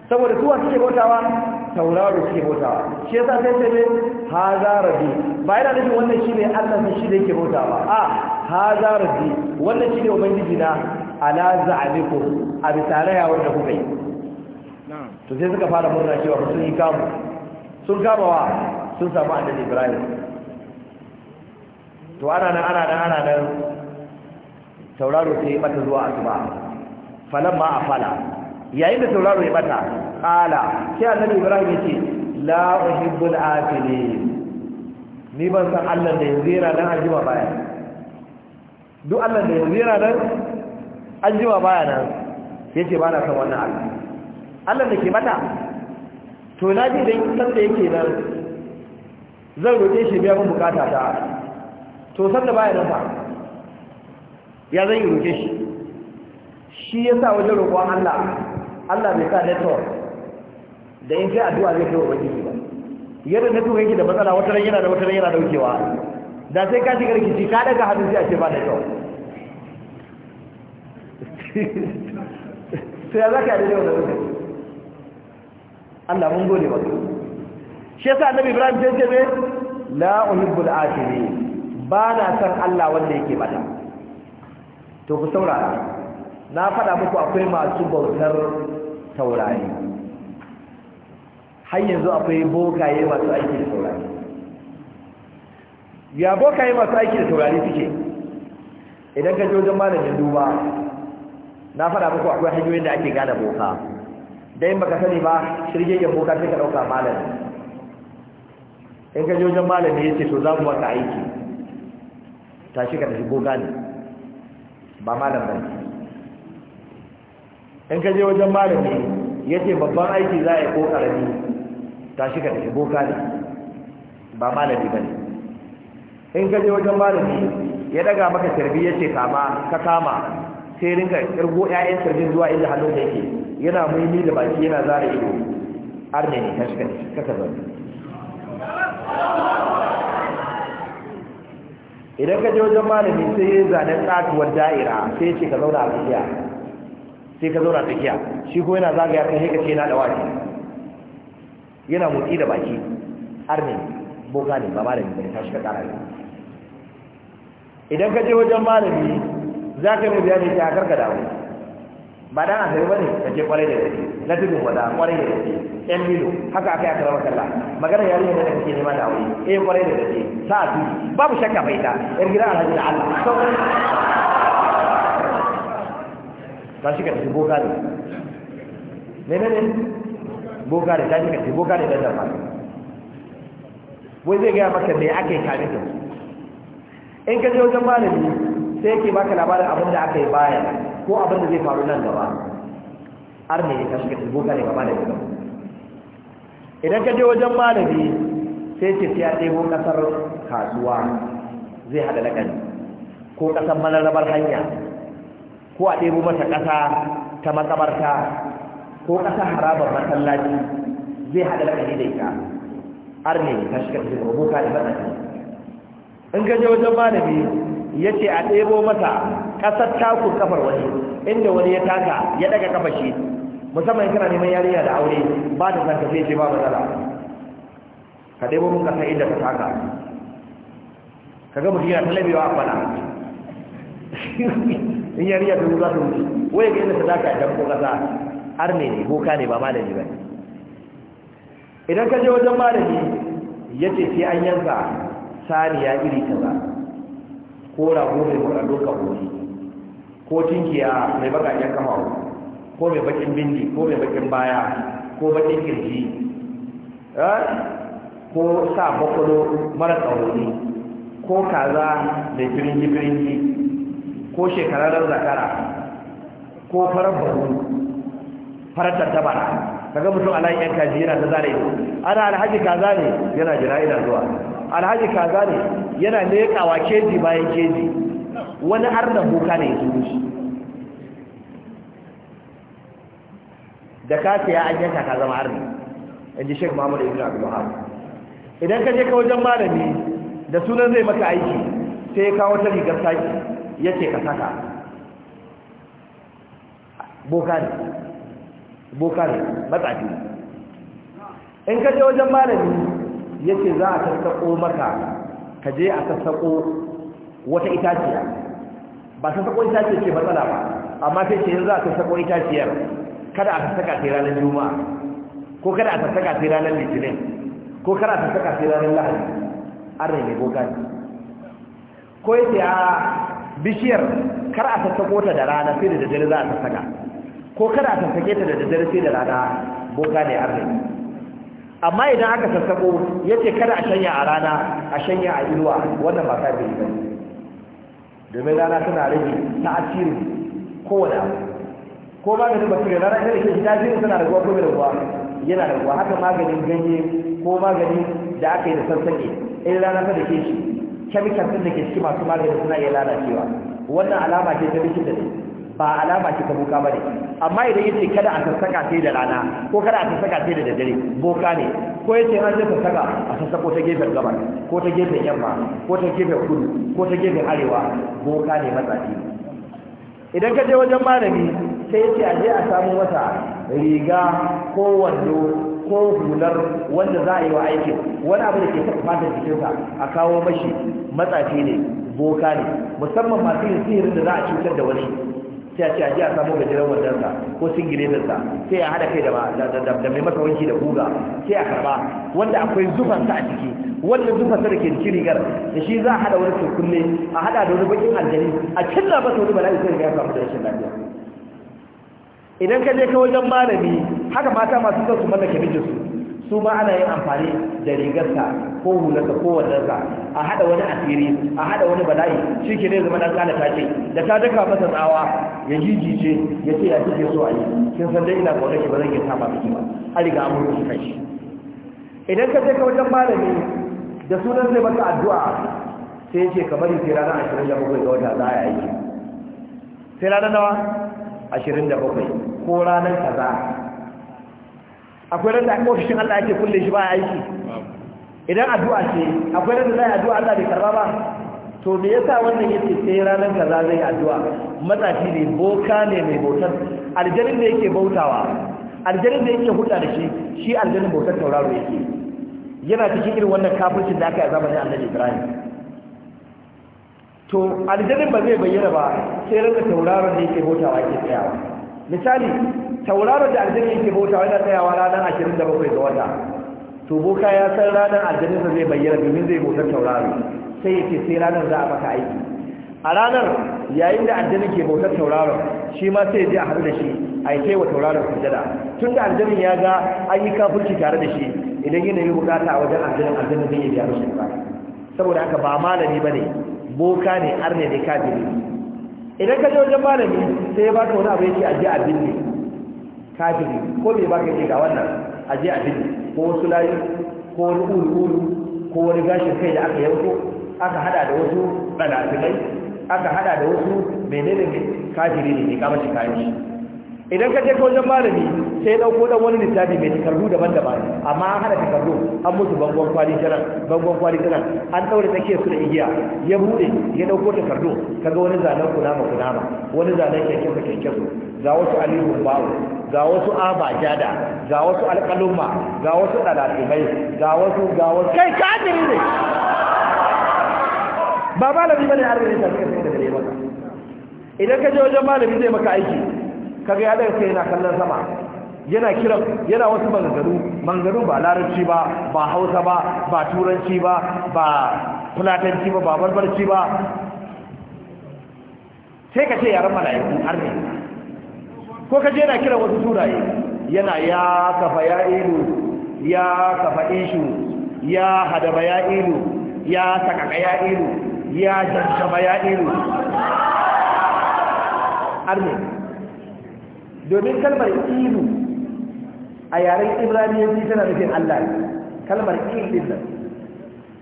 saboda wasu suke bautawa tauraro suke bautawa shi yasa sai sai ne za rabbi ba yana nufin wannan ne Allah ne shi da ke bautawa a za rabbi wannan shi ne ubangiji na ala za'alikum a bisa rayawar da kuka yi to sai suka fara murna cewa sun yi kamu sun kama wa sun samu annabi ibrahim to ana nan ana nan ana nan tauraro sai bata zuwa asuba falamma afala yayin da tauraro ya bata qala sai annabi ibrahim ya yace la uhibbul afilin ni ban san Allah da yanzu yana nan ajiba baya duk Allah da yanzu yana nan an wa baya nan ya ce ba na san wannan allah allah da ke mata to na ji san sanda yake nan zan roƙe shi biya mun bukata ta to sanda baya nan fa ya zan yi roƙe shi shi ya sa wajen roƙon allah allah bai sa network da in kai addu'a zai kai wa baki ba yadda na tuka yake da matsala wata ran yana da wata ran yana daukewa da sai ka shiga rikici ka daga hannu sai a ce ba da Sai ya zaka da wannan lokaci Allah mun gode maka shi yasa annabi Ibrahim ce ce ne? la uhibbul ne ba na san Allah wanda yake bada to ku saurara na faɗa muku akwai masu bautar taurari har yanzu akwai bokaye masu aiki da taurari ya bokaye masu aiki da taurari suke idan ka ji wajen malamin duba na fara muku akwai hanyoyin da ake gane boka dai baka sani ba shirye ya boka sai ka dauka malami in ka je wajen malami ya ce to za mu maka aiki tashi ka tafi boka ne ba malam ba in ka je wajen malami ya ce babban aiki za a yi ko Ta tashi ka tafi boka ne ba malami ba ne in ka je wajen malami ya daga maka tarbi ya ce kama ka kama sai ringa kirgo ƴaƴan sardin zuwa inda hannun da yake yana muni da baki yana zara ido har ne kashkan kaka zan idan ka je wajen malami sai ya zanen tsatuwar da'ira sai ce ka zauna a tsakiya sai ka zauna a tsakiya shi ko yana zagaya kai sai ka ce na da wani yana motsi da baki har ne boka ne ba malami ne tashi ka kara idan ka je wajen malami za ka yi mai bayani ta karka dawo ba dan a sai bane kake kwarai da gaske na tudun wada kwarai da gaske yan milo haka akai aka rama kalla magana ne da kake nema da aure eh kwarai da gaske sa tu babu shakka bai ta yan gida alhaji da Allah ta shi ka tafi boka ne ne ne boka ne ta shi ka tafi boka ne da dafa wai zai gaya maka ne ake kare ta in ka je wajen malami sai yake baka labarin abin da aka yi baya ko abin da zai faru nan gaba har ne ya shiga boka ne gaba da gaba idan ka je wajen malami sai ce ya ɗebo ƙasar kasuwa zai haɗa laƙani ko ƙasar malarabar hanya ko a ɗebo mata ƙasa ta matsabarta, ko ƙasar harabar masallaci zai haɗa laƙani da ita har ne ya shiga boka ne matsaki in ka je wajen malami ya ce a ɗebo masa ƙasar taku kafar wani inda wani ya taka ya daga kafa shi musamman kana neman yariya da aure ba da san ka sai ce ba matsala ka ɗebo mun ƙasar inda ka taka ka ga mutum yana talabewa a bana in yariya ta za mutu. waye ga inda ta taka ya ko ƙasa har ne ne boka ne ba malami ba idan ka je wajen malami ya ce sai an yanka saniya iri kaza ko rago mai kuɗa doka hori ko tinkiya mai bakaken kamar, ko mai bakin bindi ko mai bakin baya ko bakin kirji eh, ko sa bakwado mara tsawoni ko kaza mai firinji-firinji ko shekararar zakara ko farar baru farar tattabara kaga mutum a layin yan kaji yana ta zare ido ana alhaji kaza ne yana jira ina zuwa alhaji kaza ne yana leƙawa keji bayan keji wani har da boka ne su shi da ka saya an yanka ka zama arni in ji shek mahmud ibn abdul wahab idan ka je ka wajen malami da sunan zai maka aiki sai ya kawo ta rigar saki ya ce ka saka boka boka ne matsafi in ka je wajen malami yake za a sassaƙo maka ka je a sassako wata itaciya ba sassako itaciya ce matsala ba amma sai ce yanzu a sassako itaciyar kada a sassaka sai ranar juma'a ko kada a sassaka sai ranar litinin ko kada a sassaka sai ranar lahadi an mai boka ne ko ya ce a bishiyar kar a sassako ta da rana sai da dare za a sassaka ko kada a sassake ta da daddare sai da rana boka ne arziki amma idan aka sassako ya ce kada a shanya a rana a shanya a inuwa wannan ba kafin ba domin rana tana rage asiri kowane abu ko maganin basirin rana ita da ke ta tana raguwa ko bai raguwa yana raguwa haka maganin ganye ko maganin da aka yi da sassake in rana ta dake ke shi kyamikan sun da ke ciki masu maganin suna iya lalacewa wannan alama ce ta bikin da ne ba alama ce ta boka bane amma idan yace kada a sassaka sai da rana ko kada a sassaka sai da daddare boka ne ko yace an ce sassaka a sassako ta gefen gaba ko ta gefen yamma ko ta gefen kudu ko ta gefen arewa boka ne matsafi idan ka je wajen malami sai yace a je a samu masa riga ko wando ko hular wanda za a yi wa aikin wani abu da ke taɓa fata jikinsa a kawo mashi matsafi ne boka ne musamman masu yin sihirin da za a cutar da wani sai a ce a ji a samu gajeren ko singiletarsa sai a haɗa kai da da mai masa wanki da guga sai a karba wanda akwai zufansa a ciki wanda zufansa da ke cikin rigar da shi za a haɗa wani kunne a haɗa da wani bakin aljani a cilla masa wani bala'i sai ya samu da rashin lafiya idan ka je ka wajen malami haka mata masu son su mallake su su ma ana yin amfani da rigarsa ko hularsa ko wadarsa a hada wani asiri a hada wani bala'i shi ke ne zama dan kana tace da ta daka masa tsawa ya jijice ya ce ya kike so a yi kin san dai ina kaunar ki ba zan yi saba miki ba a riga an kai shi idan ka je ka wajen malami da sunan sai baka addu'a sai ya ce kamar bari sai ranar ashirin da bakwai ga wata za a yi sai ranar nawa ashirin da bakwai ko ranar kaza akwai randa ofishin Allah ake kulle shi ba aiki idan addu'a ce akwai randa zai addu'a Allah bai karba ba to me yasa wannan yake sai ranar kaza zai addu'a matsafi ne boka ne mai bautar aljanin da yake bautawa aljanin da yake huta da shi shi aljanin bautar tauraro yake yana cikin irin wannan kafircin da aka yi zamanin annabi Ibrahim to aljanin ba zai bayyana ba sai ranar tauraron da yake bautawa yake tsayawa misali tauraron da aljini yake bauta yana tsayawa ranar ashirin da bakwai ga wata to boka ya san ranar sa zai bayyana domin zai bautar tauraron, sai yake sai ranar za a maka aiki a ranar yayin da aljini ke bautar tauraron shi ma sai je a haɗu da shi a yi kai wa tauraron sujada tun da aljini ya ga an yi kafurci tare da shi idan yana yi bukata a wajen aljini aljini zai yi biya mishi ba saboda haka ba malami ba ne boka ne arne ne kafiri idan ka je wajen malami sai ya baka wani abu yake ajiye a binne kafiri ko bai baka ce ga wannan a je a ko wasu layu ko wani ulu-ulu ko wani gashin kai da aka yanko aka hada da wasu ɗanafinai aka hada da wasu menene kafiri ne ne kama shi kayan shi idan ka je ka wajen malami sai dauko dan wani littafi mai takardu daban-daban amma an hana takardu an musu bangon kwali jiran bangon kwali jiran an daure take su da igiya ya bude ya dauko takardu kaga wani zanen kunama kunama wani zanen kyakkyafa kyakkyafa ga wasu alihu bawo ga wasu Aba jada, ga wasu alƙalumma ga wasu ɗalalimai ga wasu ga wasu kai kadiri ne ba malami bane arziki ta suka sai da gare maka idan ka je wajen malami zai maka aiki kaga ya da kai yana kallon sama yana kira yana wasu mangaru mangaru ba larabci ba ba hausa ba ba turanci ba ba fulatanci ba ba barbarci ba sai ka ce yaran mala'iku ne ko ka je yana kira wasu turaye yana ya kafa ya ilu ya kafa ishu ya hadaba ya ilu ya sakaka ya ilu ya jajjaba ya ilu ne domin kalmar ilu a yaren ibraniyanci tana nufin Allah kalmar ilin nan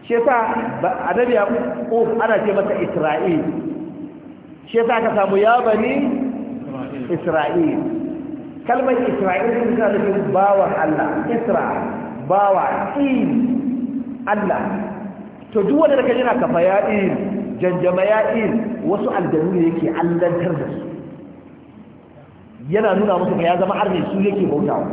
shi a annabi a oh, ana ce masa isra'il shi sa ka samu ya bani isra'il kalmar isra'il tana nufin bawan Allah isra bawa il Allah to duk wanda da kaje na kafa ya il janjama ya il wasu ne yake allantar da su yana nuna musu ya zama mai su yake bautawa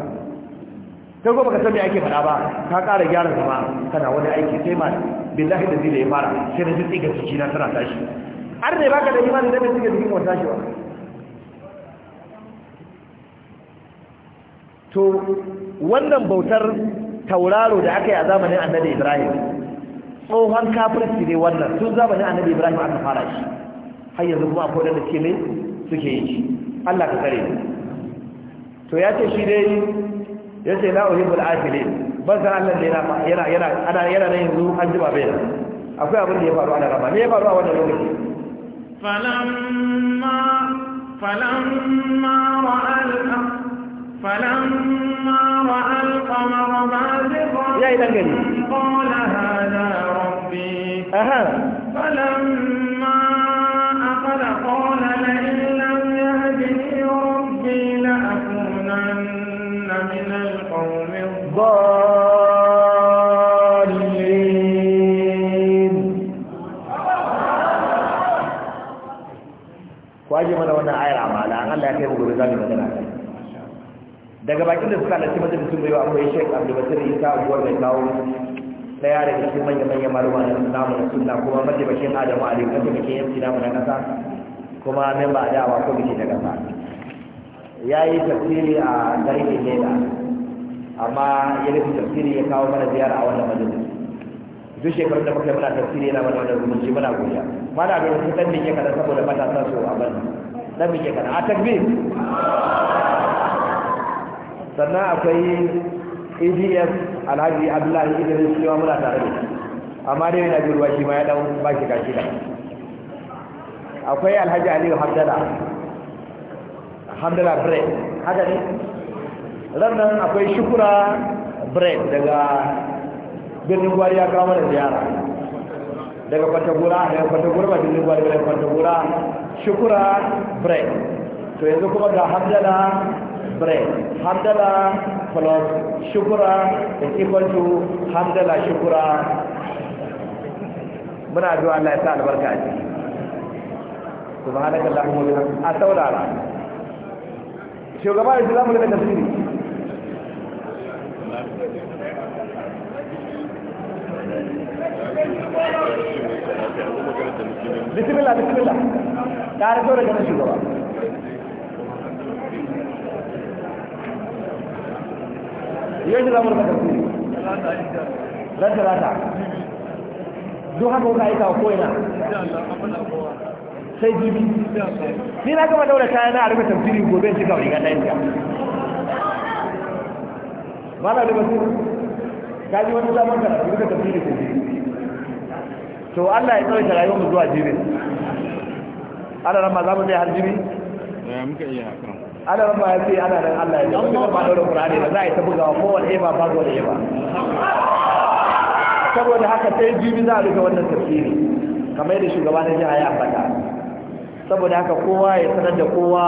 kai ko baka san me ake faɗa ba ka ƙara gyara zama kana wani aiki sai ma billahi da zai da ya fara sai na jitsi ga cikina tana tashi arne baka da imani da bai cikin jikin wata shi ba to wannan bautar tauraro da aka yi a zamanin annabi ibrahim tsohon kafirci ne wannan tun zamanin annabi ibrahim aka fara shi har yanzu kuma akwai wadanda ke mai suke yi Allah ka tsare to ya ce shi dai ya ce la uhibbul afilin ban san Allah ne yana yana ana yana yanzu an jima bai akwai abin da ya faru ana rama me ya faru a wannan lokaci falamma falamma ra'al فلما رأى القمر بازغا قال هذا ربي فلما الضالين kwaje mana wannan ayar amala an Allah ya kai mu gobe zamu magana daga bakin da suka halarci majalisun bai akwai Sheikh Abdul Basir Isa Abuwar mai kawo daya daga cikin manya-manyan maluma na namu na sunna kuma mataimakin Adamu Ali kan mataimakin yanci namu na kasa kuma memba da awa kwamiti na kasa ya yi tafsiri a garin Leda amma ya nufi tafsiri ya kawo mana ziyara a wannan majalis duk shekarun da muka muna tafsiri yana mana wannan rubuci muna godiya mana da wasu dan mike kada saboda matasa so a bani dan mike kada a takbir sannan akwai EDF Alhaji Abdullahi Idris shi muna tare da amma dai yana jin ruwa shi ma ya dan ba shi kashi da akwai Alhaji Aliyu Hamdala Hamdala Bre haka ne rannan akwai shukura bread daga birnin gwari ya kawo da ziyara daga kwantagura daga kwantagura ba birnin gwari daga kwantagura shukura bread to yanzu kuma ga hamdala bread hamdala plus shukura da equal to hamdala shukura muna zuwa Allah ya sa albarka ce ciki subhanakallahumma wa bihamdika a saurara shugaba islamu ne da tafsiri bismillah bismillah ta rito daga na shugaba yau shi zamar daga kuri ran talata don haka kuka aika ko ina sai jibi ni na gama daura na rufe tafsiri gobe su Ba na da basu ka ji wani zaman karatu da tafsiri ko to Allah ya tsare rayuwar mu zuwa jirin ana ran ma za mu je har jiri iya hakan ana ran ma ya ce ana ran Allah ya ce ba da Qur'ani ba za a yi ta bugawa ko wani ba ba ko wani ba saboda haka sai jibi za a rufe wannan tafsiri kamar yadda shugaba na jiha ya ambata saboda haka kowa ya sanar da kowa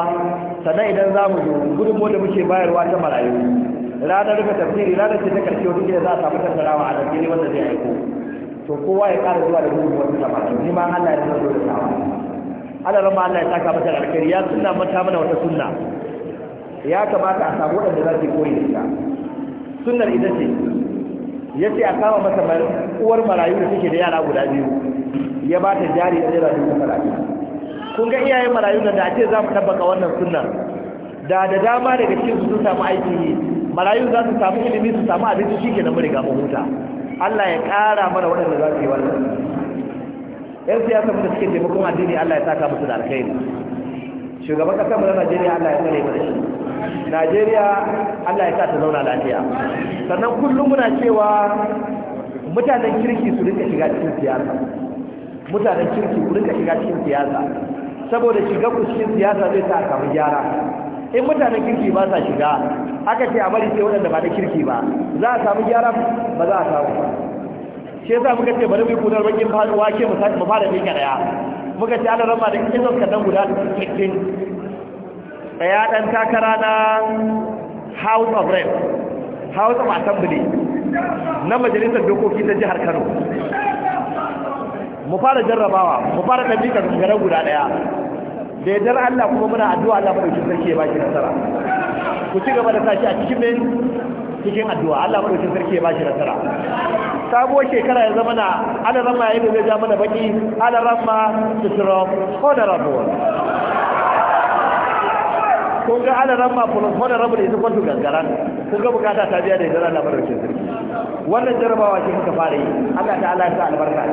sannan idan za mu zo gudunmu da muke bayarwa ta marayu ranar rufe tafsiri ranar ce ta karshe wata gida za a samu tattarawa a zargi ne wanda zai aiko to kowa ya ƙara zuwa da gudun wata tamanin ni ma Allah ya zo da tawa Allah rama Allah ya saka mata alkhairi ya sunna mata mana wata sunna ya kamata a samu waɗanda za koyi da ita sunnar ita ce ya ce a kama masa uwar marayu da take da yara guda biyu ya ba ta jari da naira dubu talatin kun ga iyayen marayu da a ce za mu tabbaka wannan sunnar da da dama daga cikin su sun samu aiki marayu za su samu ilimi su samu abinci shi ke na muriga mahuta Allah ya ƙara mana waɗanda za su yi wannan yan siyasa mu da suke taimakon addini Allah ya saka musu da alkhairi shugaban ƙasar mu na Najeriya Allah ya tsare mana shi Najeriya Allah ya sa ta zauna lafiya sannan kullum muna cewa mutanen kirki su rinka shiga cikin siyasa mutanen kirki su rinka shiga cikin siyasa saboda shiga ku cikin siyasa zai sa a samu gyara in mutanen kirki ba sa shiga aka ce a bari sai waɗanda ba da kirki ba za a samu gyara ba za a samu shi yasa muka ce bari mu kudar bakin faduwa ke mu sake mu fara mika daya muka ce ana rama da kin ka dan guda 60 daya dan takara na House of Rep House of Assembly na majalisar dokoki ta jihar Kano mu fara jarrabawa mu fara tabbika garan guda daya da yadda Allah kuma muna addu'a Allah shi sarki ya baki nasara ku ci gaba da sashi a cikin mai cikin addu'a Allah ko sarki ya shi nasara sabuwar shekara ya zama na ana rama yayin zai ja mana baki ana ramma sutrom honorable kun ga ana ramma da honorable yanzu kwanto gangaran kun ga bukata ta biya da yanzu Allah madaukakin sarki wannan jarabawa ce muka fara yi Allah ta'ala ya sa albarka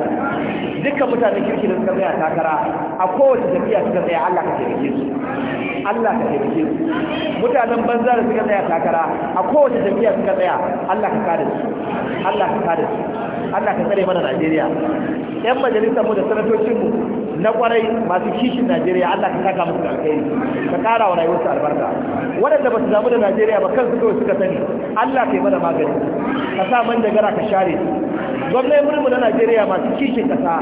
dukkan mutanen kirki da suka tsaya takara a kowace tafiya suka tsaya Allah ka da su Allah ka taimake su mutanen banza da suka tsaya takara a kowace jam'iyya suka tsaya Allah ka kada su Allah ka kada su Allah ka tsare mana Najeriya yan majalisar mu da sanatocin mu na kwarai masu kishin Najeriya Allah ka saka musu alkhairi ka kara wa rayuwarsu albarka waɗanda ba su damu da Najeriya ba kansu kawai suka sani Allah ka yi mana magani ka sa man dagara ka share su gwamnati mu na Najeriya masu kishin kasa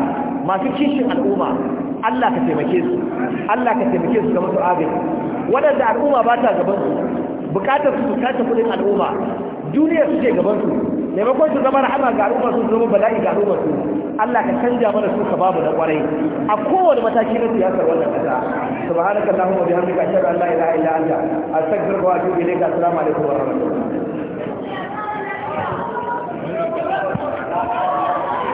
masu kishin al'umma Allah ka taimake su Allah ka taimake su ga masu abin waɗanda al'umma ba ta gaban su bukatar su buƙatar kudin al'umma duniya su ce gaban su maimakon su zama rahama ga al'umma su zama bala'i ga al'umma su Allah ka canja mana su ka babu na kwarai a kowane mataki na siyasar wannan kasa subhanaka allahumma bihamdika ashhadu an la ilaha A anta astaghfiruka wa atubu ilayka assalamu alaikum wa rahmatullahi